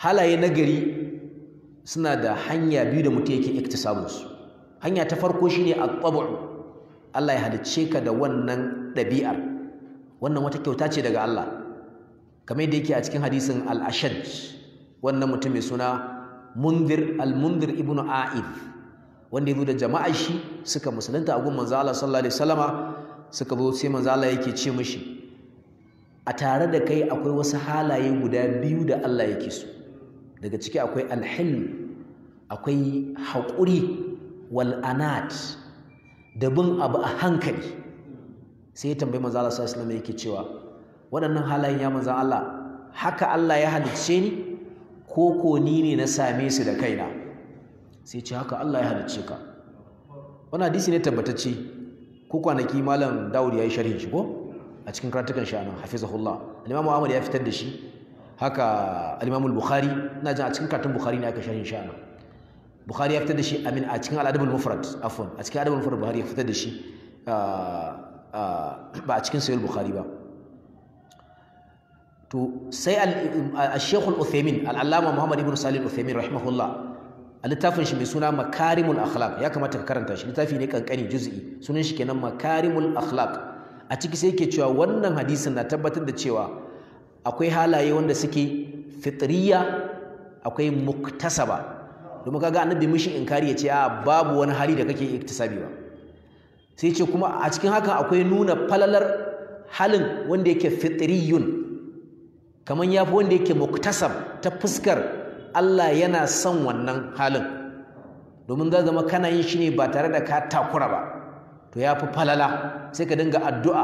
halaye na gari suna da hanya biyu da mutum yake iktisamun su hanya ta farko shine at Allah ya halicce ka da wannan ɗabi'ar wannan wata kyauta ce daga Allah kamar yadda yake a cikin hadisin al-ashaj wannan mutum mai suna mundir al-mundir ibnu a'id wanda yazo da jama'a shi suka musulunta a gun manzo Allah sallallahu alaihi wasallama suka zo sai manzo Allah yake ce mishi a tare da kai akwai wasu halaye guda biyu da Allah yake so daga ciki akwai al-hilm akwai haƙuri wal anat da bin abu a hankali sai ya tambayi manzo Allah sallallahu alaihi wasallam yake cewa waɗannan halayen ya manzo Allah haka Allah ya halicce ni ko ko ni ne na same su da kaina sai ce haka Allah ya halicce ka wannan hadisi ne tabbatacce ko kwanaki malam Dawud ya yi sharhin shi ko a cikin karatukan shi anan hafizahullah al-Imam Muhammad ya fitar da shi haka al-Imam al-Bukhari ina jin a cikin karatun Bukhari ne aka sharhi shi anan Bukhari ya fitar da shi amin a cikin al-Adab al-Mufrad afwan a cikin Adab al-Mufrad Bukhari ya fitar da shi ah, ba a cikin sayar bukhari ba to sai al-shekul uthaymin al'allama muhammad ibn salim uthaymin rahimahullah a littafin shi mai suna makarimul akhlaq ya kamata ka karanta shi littafi ne kankani juz'i sunan shi kenan makarimul akhlaq a ciki sai yake cewa wannan hadisin na tabbatar da cewa akwai halaye wanda suke fitriya akwai muktasaba domin kaga annabi mushin inkari ya ce a babu wani hali da kake iktisabi ba sai ce kuma a cikin haka akwai nuna falalar halin wanda yake fitriyun kamar fi wanda yake muktasab ta fuskar Allah yana son wannan halin domin za zama kana yin shi ne ba tare da ka takura ba to ya fi falala sai ka dinga addu'a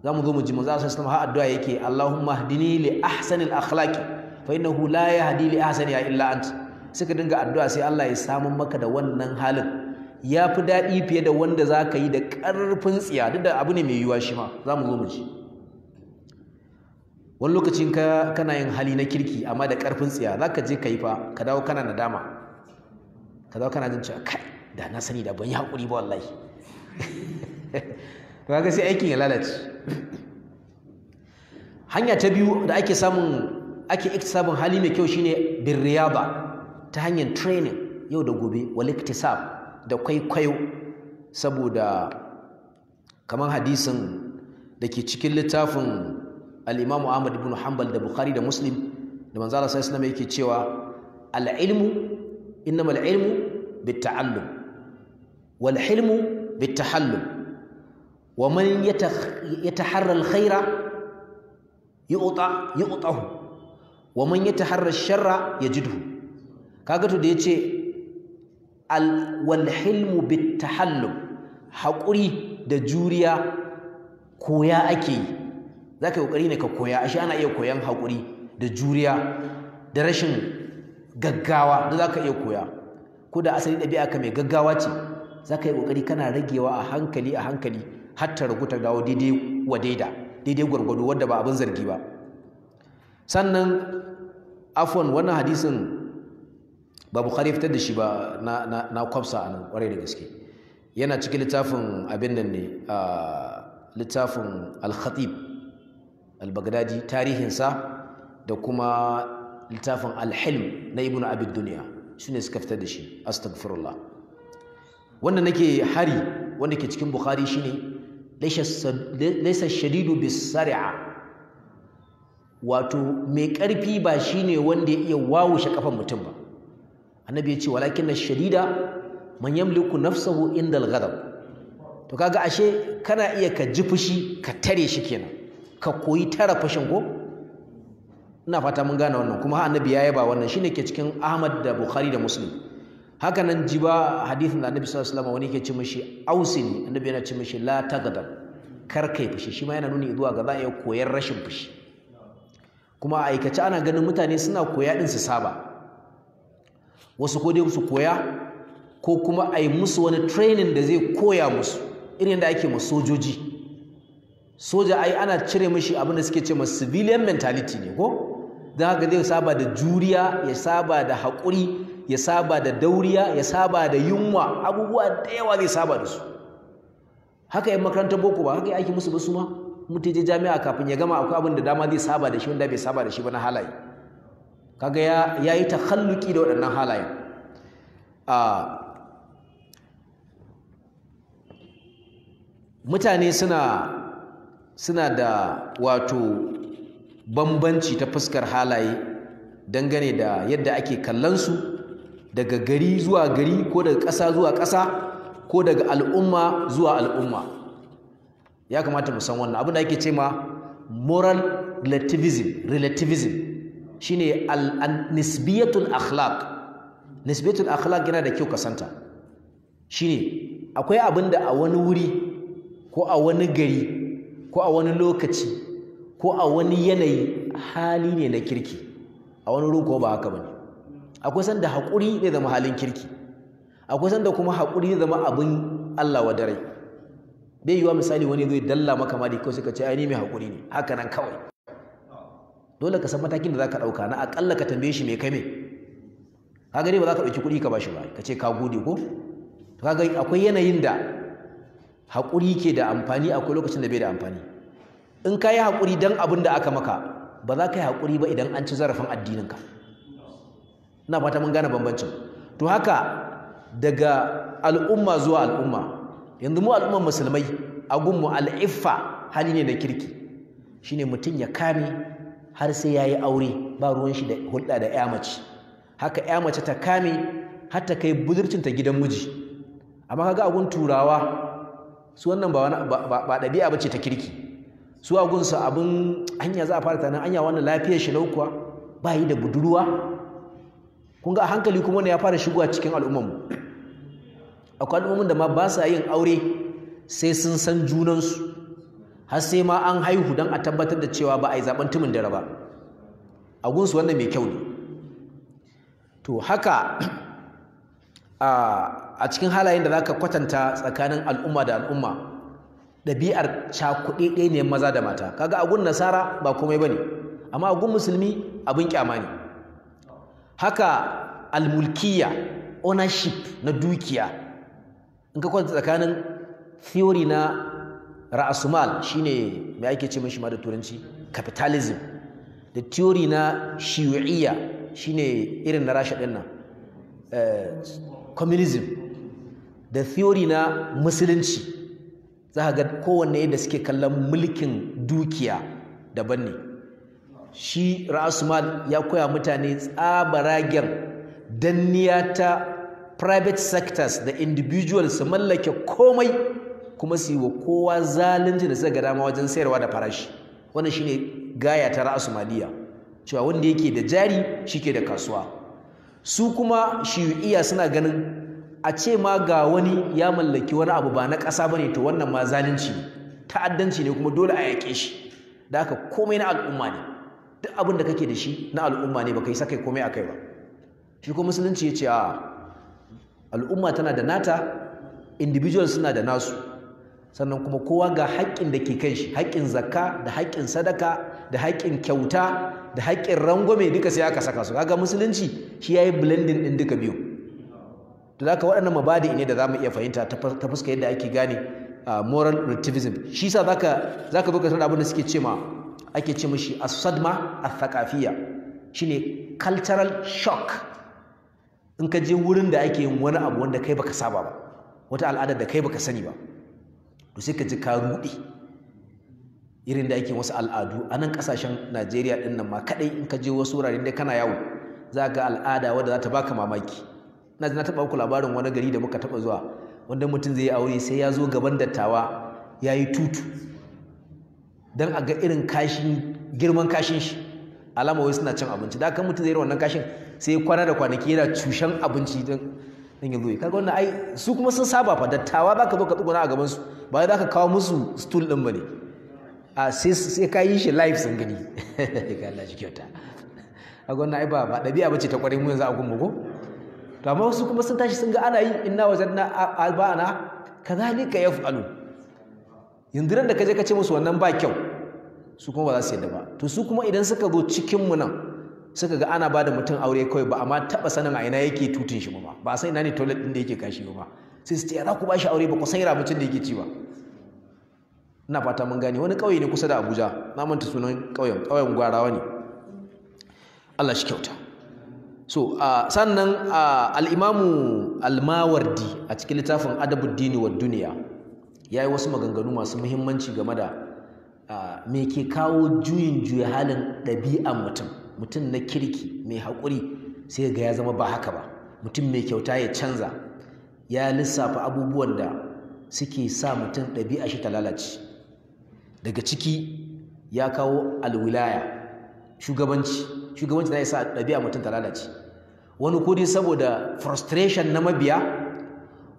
za mu zo mu ji manzo sallallahu alaihi addu'a yake Allahumma hdini li ahsanil akhlaqi fa innahu la yahdi li ahsaniha illa ant sai ka dinga addu'a sai Allah ya samu maka da wannan halin ya fi daɗi fiye da wanda za ka yi da ƙarfin tsiya duk da abu ne mai yiwuwa shi ma za mu zo mu ci wani lokacin ka kana yin hali na kirki amma da ƙarfin tsiya za ka je ka yi fa ka dawo kana nadama ka dawo kana jin cewa kai da na sani da ban yi haƙuri ba wallahi (laughs) to ka sai aikin ya lalace hanya ta biyu da ake samun ake iktisabin hali mai kyau shine birriyaba ta hanyar training yau da gobe wal iktisab da kwaikwayo saboda kamar hadisin da ke cikin littafin al-Imam Ahmad ibn Hanbal da Bukhari da Muslim da manzo Allah sallallahu yake cewa alilmu ilmu innamal ilmu bit-ta'allum wal hilmu bit-tahallum wa man yataharra ya khaira yu'ta yu'tahu wa man yataharra ash-sharra yajidhu kaga to da ce. walhilmu bittahallum hakuri da juriya koya ake yi za ka yi ƙoƙari ne ka koya ashe ana iya koyan hakuri da juriya da rashin gaggawa da za ka iya koya ko da asali ɗabi'a ka mai gaggawa ce za ka yi ƙoƙari kana ragewa a hankali a hankali har ta ragu ta dawo daidai wa daida daidai gwargwado wanda ba abin zargi ba sannan afon wannan hadisin ba bukhari fitar da shi ba na na na kwafsa anan kwarai da gaske yana cikin littafin abin nan ne a littafin al-khatib al-baghdadi tarihin sa da kuma littafin al-hilm na ibnu abid dunya shine suka fitar da shi astaghfirullah wanda nake hari wanda ke cikin bukhari shine laysa shadidu bis wato mai ƙarfi ba shine wanda ya iya wawushe kafan mutum ba annabi ya ce walakin na shadida man yamliku nafsahu inda al-ghadab to kaga ashe kana iya ka ji fushi ka tare shi kenan ka koyi tara fushin ko ina fata mun gane wannan kuma annabi ya yaba wannan shine ke cikin Ahmad da Bukhari da Muslim haka nan jiba hadithin da annabi sallallahu alaihi wasallam wani ke ce mishi ausini annabi yana ce mishi la tagadab kar kai fushi shi ma yana nuni zuwa ga za a iya koyar rashin fushi kuma a aikace ana ganin mutane suna koya din su saba wasu ko dai su koya ko kuma a musu wani training da zai koya musu irin da ake ma sojoji soja ai ana cire mashi abin suke ce ma civilian mentality ne ko don haka zai saba da juriya ya saba da haƙuri ya saba da dauriya ya saba da yunwa abubuwa da yawa zai saba da su haka yin makarantar boko ba haka yi aiki musu ba su ma mutum je jami'a kafin ya gama akwai abin da dama zai saba da shi wanda bai saba da shi ba na halaye kaga ya yi takhalluki da waɗannan halayen a mutane suna suna da wato bambanci ta fuskar halaye dangane da yadda ake kallonsu daga gari zuwa gari ko daga ƙasa zuwa ƙasa ko daga al'umma zuwa al'umma ya kamata mu san wannan abin da ake ce ma moral relativism relativism shine nisbiyatul akhlaq nisbiyatul akhlaq yana da kyau ka santa shine akwai abin a wani wuri ko a wani gari ko a wani lokaci ko a wani yanayi hali ne na kirki a wani ruko ba haka bane akwai sanda haƙuri zai zama halin kirki akwai sanda kuma hakuri zai zama abin Allah wa dare bai yiwa misali wani zai dalla maka ma da kawai suka ce ai ni mai hakuri ne haka nan kawai dole ka san matakin da zaka ka ɗauka na aƙalla ka tambaye shi mai kai mai kaga gani ba za ka ɗauki kuɗi ka bashi ba ka ce ka gode ko to kaga akwai yanayin da hakuri ke da amfani akwai lokacin da bai da amfani in ka yi haƙuri don abin da aka maka ba za ka yi hakuri ba idan an ci zarafin addininka ina fata mun gane bambancin to haka daga al'umma zuwa al'umma yanzu mu al'umman musulmai a gunmu al'iffa hali ne na kirki shine mutum ya kame har sai ya yi aure ba ruwan shi da hulɗa da ya mace haka ya mace ta kame har ta kai ta gidan miji amma kaga agun turawa su wannan ba ɗabi'a ba ce ta kirki su su abin hanya za a fara tanan anya wannan lafiyar shi laukuwa ba yi da budurwa kun ga hankali kuma ya fara shigowa cikin mu akwai al'umman da ma ba sa yin aure sai sun san junansu har sai ma an haihu don a tabbatar da cewa ba a yi zaben tumin dare ba a gunsu wannan mai kyau ne to haka a cikin halayen da za ka kwatanta tsakanin al'umma da al'umma ɗabi'ar cakuɗe ɗaya ne maza da mata kaga a gun nasara ba komai ba ne amma a musulmi abin kyama ne haka almulkiya ownership na dukiya in ka kwatanta tsakanin theory na ra'asumal shine me ake ce mishi ma da turanci capitalism da theory na shiyu'iyya shine irin na rasha din nan eh, communism da theory na musulunci za ga kowanne da suke kallon mulkin dukiya daban ne shi ra'asumal ya koya mutane tsabaragen danniya ta private sectors da individuals su mallake komai kuma su yi wa kowa zalunci da suka ga dama wajen sayarwa da farashi wannan shine gaya ta ra'asu maliya cewa wanda yake da jari shike da kasuwa su kuma shiyu'iya suna ganin a ce ma ga wani ya mallaki wani abu ba na ƙasa bane to wannan ma zalunci ne ta'addanci ne kuma dole a yaƙe shi da haka komai na al'umma ne duk abin da kake da shi na al'umma ne baka yi sakai komai akai ba shi ko musulunci ya ce a al'umma tana da nata individual suna da nasu sannan kuma kowa ga haƙƙin da ke kan shi haƙƙin zakka da haƙƙin sadaka da haƙƙin kyauta da haƙƙin rangwame duka sai aka saka su kaga musulunci shi yayi blending din duka biyu to zaka waɗannan mabadi ne da zamu iya fahimta ta fuska yadda ake gane ah, moral relativism shi yasa zaka zaka zo ka abin da suke cewa ake ce mishi as-sadma al-thaqafiyya shine cultural shock in ka je wurin da ake yin wani abu wanda kai baka saba ba wata al'ada da kai baka sani ba to sai ka ji ka ruɗe irin da ake wasu al'adu a nan ƙasashen najeriya ɗin nan ma kaɗai in ka je wasu wuraren da kana yawo za ga al'ada wadda za ta baka mamaki na na taɓa ku labarin wani gari da muka taɓa zuwa wanda mutum zai yi aure sai ya zo gaban dattawa ya yi tutu don a ga irin kashin girman kashin shi alama wai suna cin abinci da kan mutum zai yi wannan kashin sai kwana da kwanaki yana cushen abinci don yanzu ya kaga wannan ai su kuma sun saba fa dattawa za ka zo ka tsuguna a gaban su ba da aka kawo musu stool ɗin ba ne a sai ka yi shi live sun gani ga (laughs) Allah shi kyauta a gwanna ai ba ba ɗabi'a bace ta ƙwarai mu yanzu a gunmu ko to amma wasu kuma sun tashi sun ga ana yi inna wajanna albana kazalika yaf'alu yanzu ran da ka je ka ce musu wannan ba kyau su kuma ba za su yadda ba to su kuma idan suka zo cikin mu nan suka ga ana ba da mutum aure kawai ba amma taɓa sanin a ina yake tutun shi ba ba san ina ne toilet ɗin da yake kashi ba sai ya ku ba aure ba ku san mutum da yake ci ba ina fata mun gane wani kauye ne kusa da abuja na manta sunan ƙauyen ƙauyen gwarawa ne allah shi kyauta so sannan al'imamu almawardi a cikin littafin adabuddini wa duniya ya yi wasu maganganu masu muhimmanci game da me ke kawo juyin juya halin ɗabi'an mutum mutum na kirki mai haƙuri sai ga ya zama ba haka ba mutum mai kyauta ya canza ya lissafa abubuwan da suke sa mutum ɗabi'a shi ta lalace daga ciki ya kawo alwilaya shugabanci shugabanci na ya sa ɗabi'a mutum ta lalace wani kudi saboda frustration na mabiya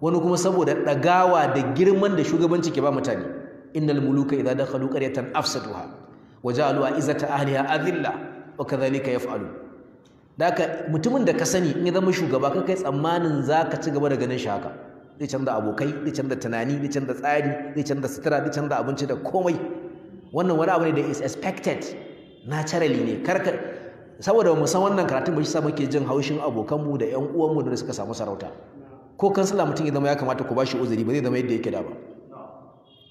wani kuma saboda ɗagawa da girman da shugabanci ke ba mutane innal muluka idza dakhalu qaryatan afsaduha wa ja'alu izata ahliha adilla wa kadhalika yaf'alu Daka mutumin da ka sani in ya zama shugaba kan kai tsammanin za ka ci gaba da ganin shi haka zai canza abokai zai canza tunani zai canza tsari zai canza sutura zai canza abinci da komai wannan wani abu ne da is expected naturally ne karka saboda mu san wannan karatun ba shi sa muke jin haushin abokanmu da ƴan uwanmu da suka samu sarauta ko kansila mutum ya zama ya kamata ku bashi uzuri ba zai zama yadda yake da ba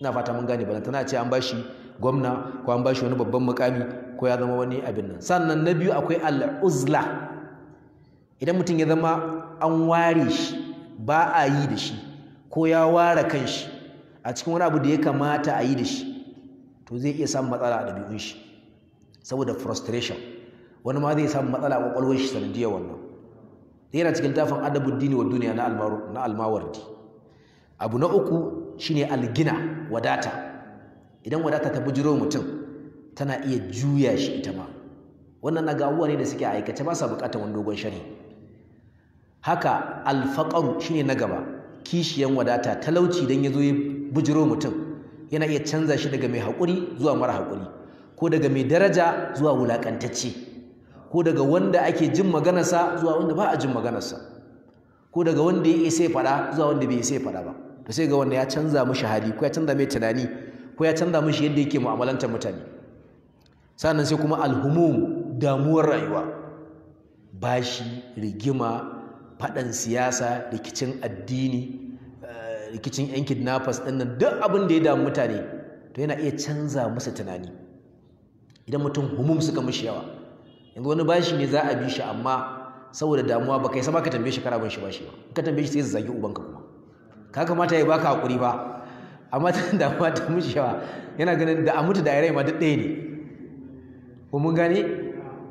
ina fata mun gane ba. Tana ce an bashi gwamna ko an bashi wani babban mukami ko ya zama wani abin nan sannan na biyu akwai al'uzla idan mutum ya zama an ware shi ba a yi da shi ko ya ware kanshi a cikin wani abu da ya kamata a yi da shi to zai iya samun matsala a ɗabi'un shi saboda frustration wani ma zai samun matsala a ƙwaƙwalwar shi sanadiyar wannan yana cikin tafin adabin dini wa duniya na almawardi abu na uku shine algina wadata idan wadata ta bujiro mutum tana iya juya shi ita ma wannan na gawuwa ne da suke aikace ba sa bukatar wani dogon shari haka shi shine na gaba kishiyan wadata talauci dan ya zo ya bujiro mutum yana iya canza shi daga mai haƙuri zuwa mara haƙuri ko daga mai daraja zuwa wulaƙantacce ko daga wanda ake jin maganarsa zuwa wanda ba a jin maganarsa ko daga wanda ya isa faɗa zuwa wanda bai isa fada ba to sai ga wanda ya canza mushi hali ko ya canza mai tunani ko ya canza mushi yadda yake mu'amalantar mutane sannan sai kuma alhumu damuwar rayuwa bashi rigima faɗan siyasa rikicin addini eh, rikicin yan kidnappers ɗin duk abin da ya damu mutane to yana iya canza musu tunani idan mutum humum suka mishi yawa yanzu wani bashi ne za a bi shi amma saboda damuwa ba kai sama ka tambaye shi karabin shi bashi ba ka tambaye shi sai zagi ubanka kuma ka kamata ya baka hakuri ba amma tana (laughs) damuwa ta mishi yawa yana ganin da a mutu da rai ma duk ɗaya ne ko mun gane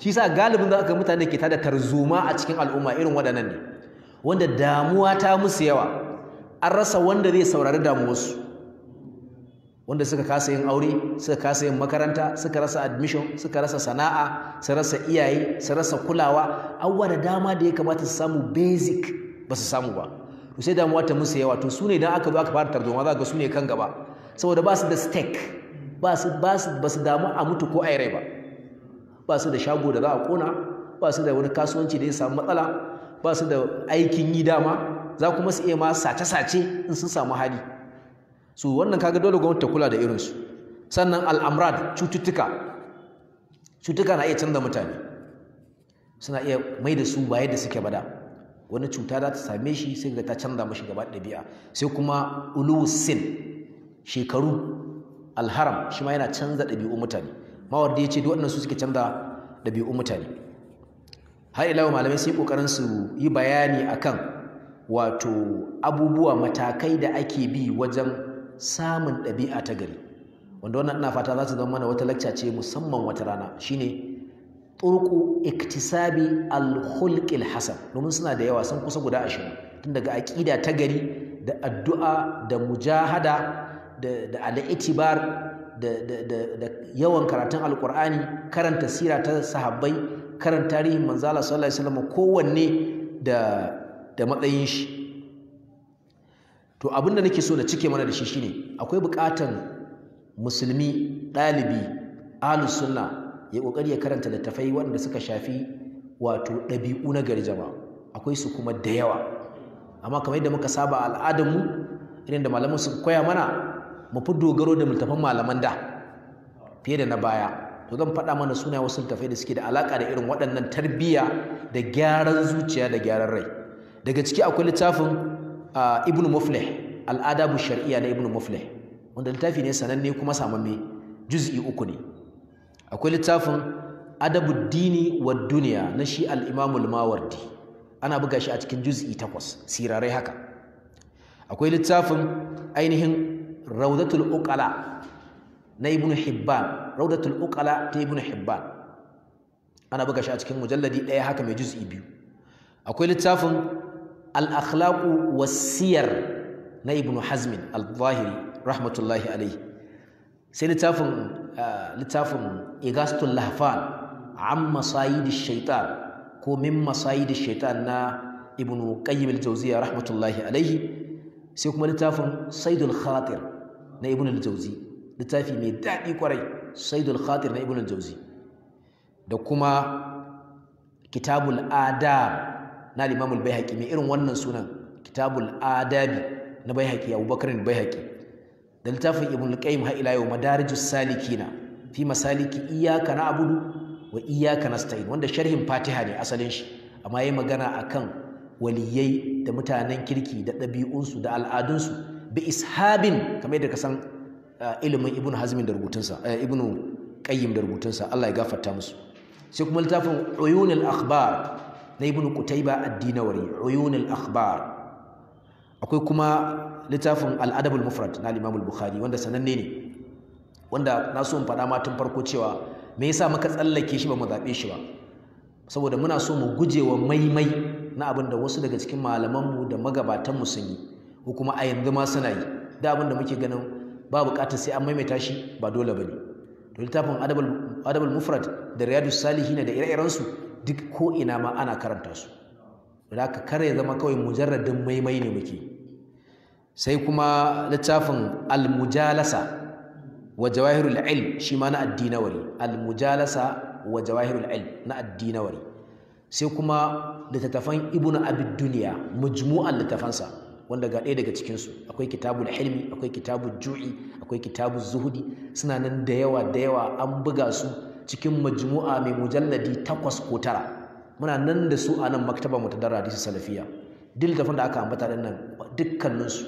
shi sa galibin za ka mutane ke tada tarzoma a cikin al'umma irin waɗannan ne wanda damuwa ta musu yawa an rasa wanda zai saurari damuwarsu wanda suka kasa yin aure suka kasa yin makaranta suka rasa admission suka rasa sana'a su rasa iyaye su rasa kulawa abubuwa da dama da ya kamata su samu basic ba su samu ba to sai damuwa ta musu yawa to su ne idan aka zo aka fara tarzoma za ga su ne kan gaba saboda ba su da stake ba su damu a mutu ko a yi rai ba ba su da shago da za a kona ba su da wani kasuwanci da ya samu matsala ba su da aikin yi dama za kuma su iya ma sace-sace in sun samu hali su wannan kaga dole gwamnati ta kula da irinsu sannan al'amrad cututtuka cututtuka na iya canza mutane suna iya mai da su bayan da suke bada wani cuta za ta same shi sai ga ta canza mashi gaba ɗabi'a sai kuma ulusin shekaru alharam shi ma yana canza ɗabi'u mutane mawardi ya ce duk waɗannan su suke canza ɗabi'un mutane har ila malamai sai kokarin su yi bayani a kan wato abubuwa matakai da ake bi wajen samun ɗabi'a ta gari wanda wannan ina fata za su zama mana wata lacca ce musamman wata rana shine turku iktisabi alhulkil hasan domin suna da yawa sun kusa guda ashirin tun daga aƙida ta gari da addu'a da mujahada da da al'itibar da yawan karatun alkur'ani karanta sira ta sahabbai karanta tarihin manzala sallallahu alaihi wasallam kowanne da matsayin shi to abin da nake so na cike mana da shi shine akwai bukatan musulmi ɗalibi ahlus sunna ya kokari ya karanta littafai wanda suka shafi wato ɗabi'u na gari akwai su kuma da yawa amma kamar yadda muka saba al'adarmu irin da malamin suka koya mana mu fi dogaro da littafan malaman da fiye da na baya to zan faɗa mana suna wasu littafai da suke da alaƙa da irin waɗannan tarbiyya da gyaran zuciya da gyaran rai daga ciki akwai littafin ibn muflih al'adabu shar'iyya na ibn muflih wanda littafi ne sananne kuma samamme juz'i uku ne akwai littafin adabu dini wa duniya na shi al'imamu mawardi ana buga shi a cikin juz'i takwas sirarai haka akwai littafin ainihin raudatul uqala na ibnu hibban raudatul uqala ta ibnu hibban ana buga shi a cikin mujalladi ɗaya haka mai juz'i biyu akwai littafin al-akhlaqu was-siyar na ibnu hazm al-zahiri rahmatullahi alayhi sai littafin ah, littafin igastul lahfan an masayidi shaitan ko min masayidi shaitan na ibnu qayyim al-jawziya rahmatullahi alaihi sai kuma littafin saidul khatir na ibn al-jawzi littafi mai daɗi kwarai saidul khatir na ibn al-jawzi da kuma kitabul adab na al al mai irin wannan sunan kitabul adabi na baihaqi abubakar al-baihaqi da littafin ibn al-qayyim ha ila yau madarijus salikina fi masaliki iyyaka na'budu wa iyyaka nasta'in wanda sharhin fatiha ne asalin shi amma yayi magana akan waliyai da mutanen kirki da ɗabi'unsu da al'adunsu bi ishabin kamar yadda ka san eh, ilimin ibnu hazmin da rubutunsa eh, ibnu qayyim da rubutunsa Allah ya gafarta musu sai kuma littafin uyun al-akhbar na ibnu Qutaiba ad-dinawari uyun akhbar akwai kuma littafin al-adab mufrad na al-imam al-bukhari wanda sananne ne wanda na so in faɗa ma tun farko cewa me yasa muka tsallake shi ba mu zaɓe shi ba saboda muna so mu guje wa maimai na abin da wasu daga cikin malamanmu da magabatanmu sun yi ko kuma a yanzu ma suna yi da abin da muke ganin ba bukata sai an maimaita shi ba dole ba ne to littafin adabul mufrad da Salihi salihin da ire-irensu duk ko ina ma ana karanta su da aka kare ya zama kawai mujarradin maimai ne muke sai kuma littafin al-mujalasa wa jawahirul ilm shi ma na addinawari al-mujalasa wa jawahirul na addinawari sai kuma littattafan ibnu abid duniya majmu'an littafansa wanda ga ɗaya daga cikinsu akwai kitabul hilmi akwai kitabul ju'i akwai kitabul zuhudi suna nan da yawa da yawa an buga su cikin majmu'a mai mujalladi takwas ko tara muna nan da su a nan maktaba mu ta dara hadisi salafiya duk littattafan da aka ambata din nan dukkaninsu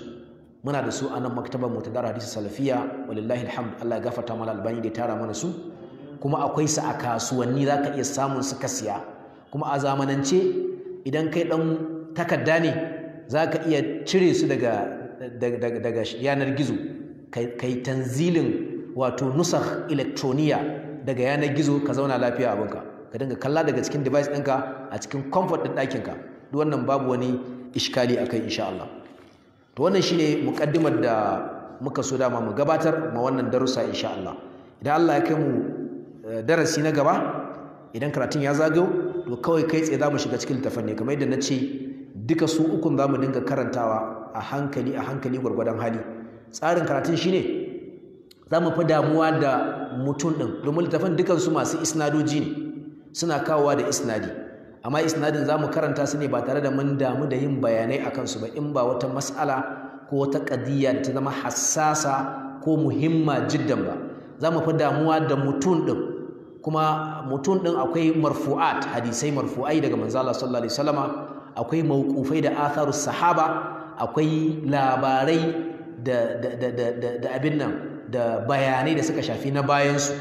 muna da su a nan maktaba mu ta dara hadisi salafiya walillahi alhamd Allah ya gafarta mana albani da ya tara mana su kuma akwai su a kasuwanni zaka iya samun su ka siya kuma a zamanance idan kai ɗan takarda ne za ka iya cire su daga yanar gizo kai tanzilin wato nusar elektroniya daga yanar gizo ka zauna lafiya abinka ka dinga kalla daga cikin device ɗinka a cikin comfort ɗin ɗakinka duk wannan babu wani ishkali akai insha Allah to wannan shine muƙaddimar da muka so dama mu gabatar ma wannan darussa insha Allah idan Allah ya kai mu eh, darasi na gaba idan karatun ya zagayo to kawai kai tsaye za mu shiga cikin littafin ne kamar yadda na ce duka su ukun za mu dinga karantawa a hankali a hankali gwargwadon hali tsarin karatun shine za mu fi damuwa da mutum din domin littafin dukansu masu isnadoji ne suna kawowa da isnadi amma isnadin za mu karanta su ne ba tare da mun damu da yin bayanai a kansu ba in ba wata mas'ala ko wata ƙadiyya da ta zama hassasa ko muhimma jiddan ba za mu fi damuwa da mutum ɗin kuma mutum ɗin akwai marfu'at hadisai marfu'ai daga manzo sallallahu alaihi wasallama akwai mawqufai da atharus sahaba akwai labarai da abin nan da bayanai da suka shafi na bayansu.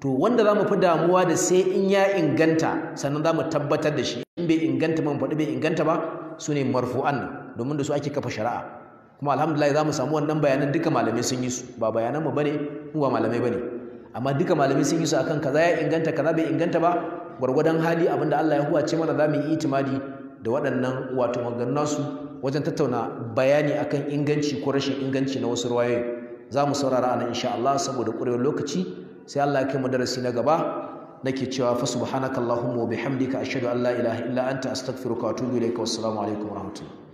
to wanda zamu fi damuwa da sai in ya inganta sannan zamu tabbatar da shi in bai inganta man faɗi bai inganta ba su ne marfu'an nan domin da su ake kafa shari'a kuma alhamdulillah mu samu wannan bayanan duka malamai sun yi su ba bayanan mu bane mu ba malamai bane amma duka malamai sun yi su akan kaza ya inganta kaza bai inganta ba gwargwadon hali abinda Allah ya huwace mana za mu yi itimadi da waɗannan wato maganganun su wajen tattauna bayani akan inganci ko rashin inganci na wasu ruwayoyi za mu saurara a nan insha Allah saboda ƙurewar lokaci sai Allah ya kai mu darasi na gaba nake cewa fa subhanakallahumma wa bihamdika ashhadu an la ilaha illa anta astaghfiruka wa atubu ilayka wassalamu alaikum wa rahmatullahi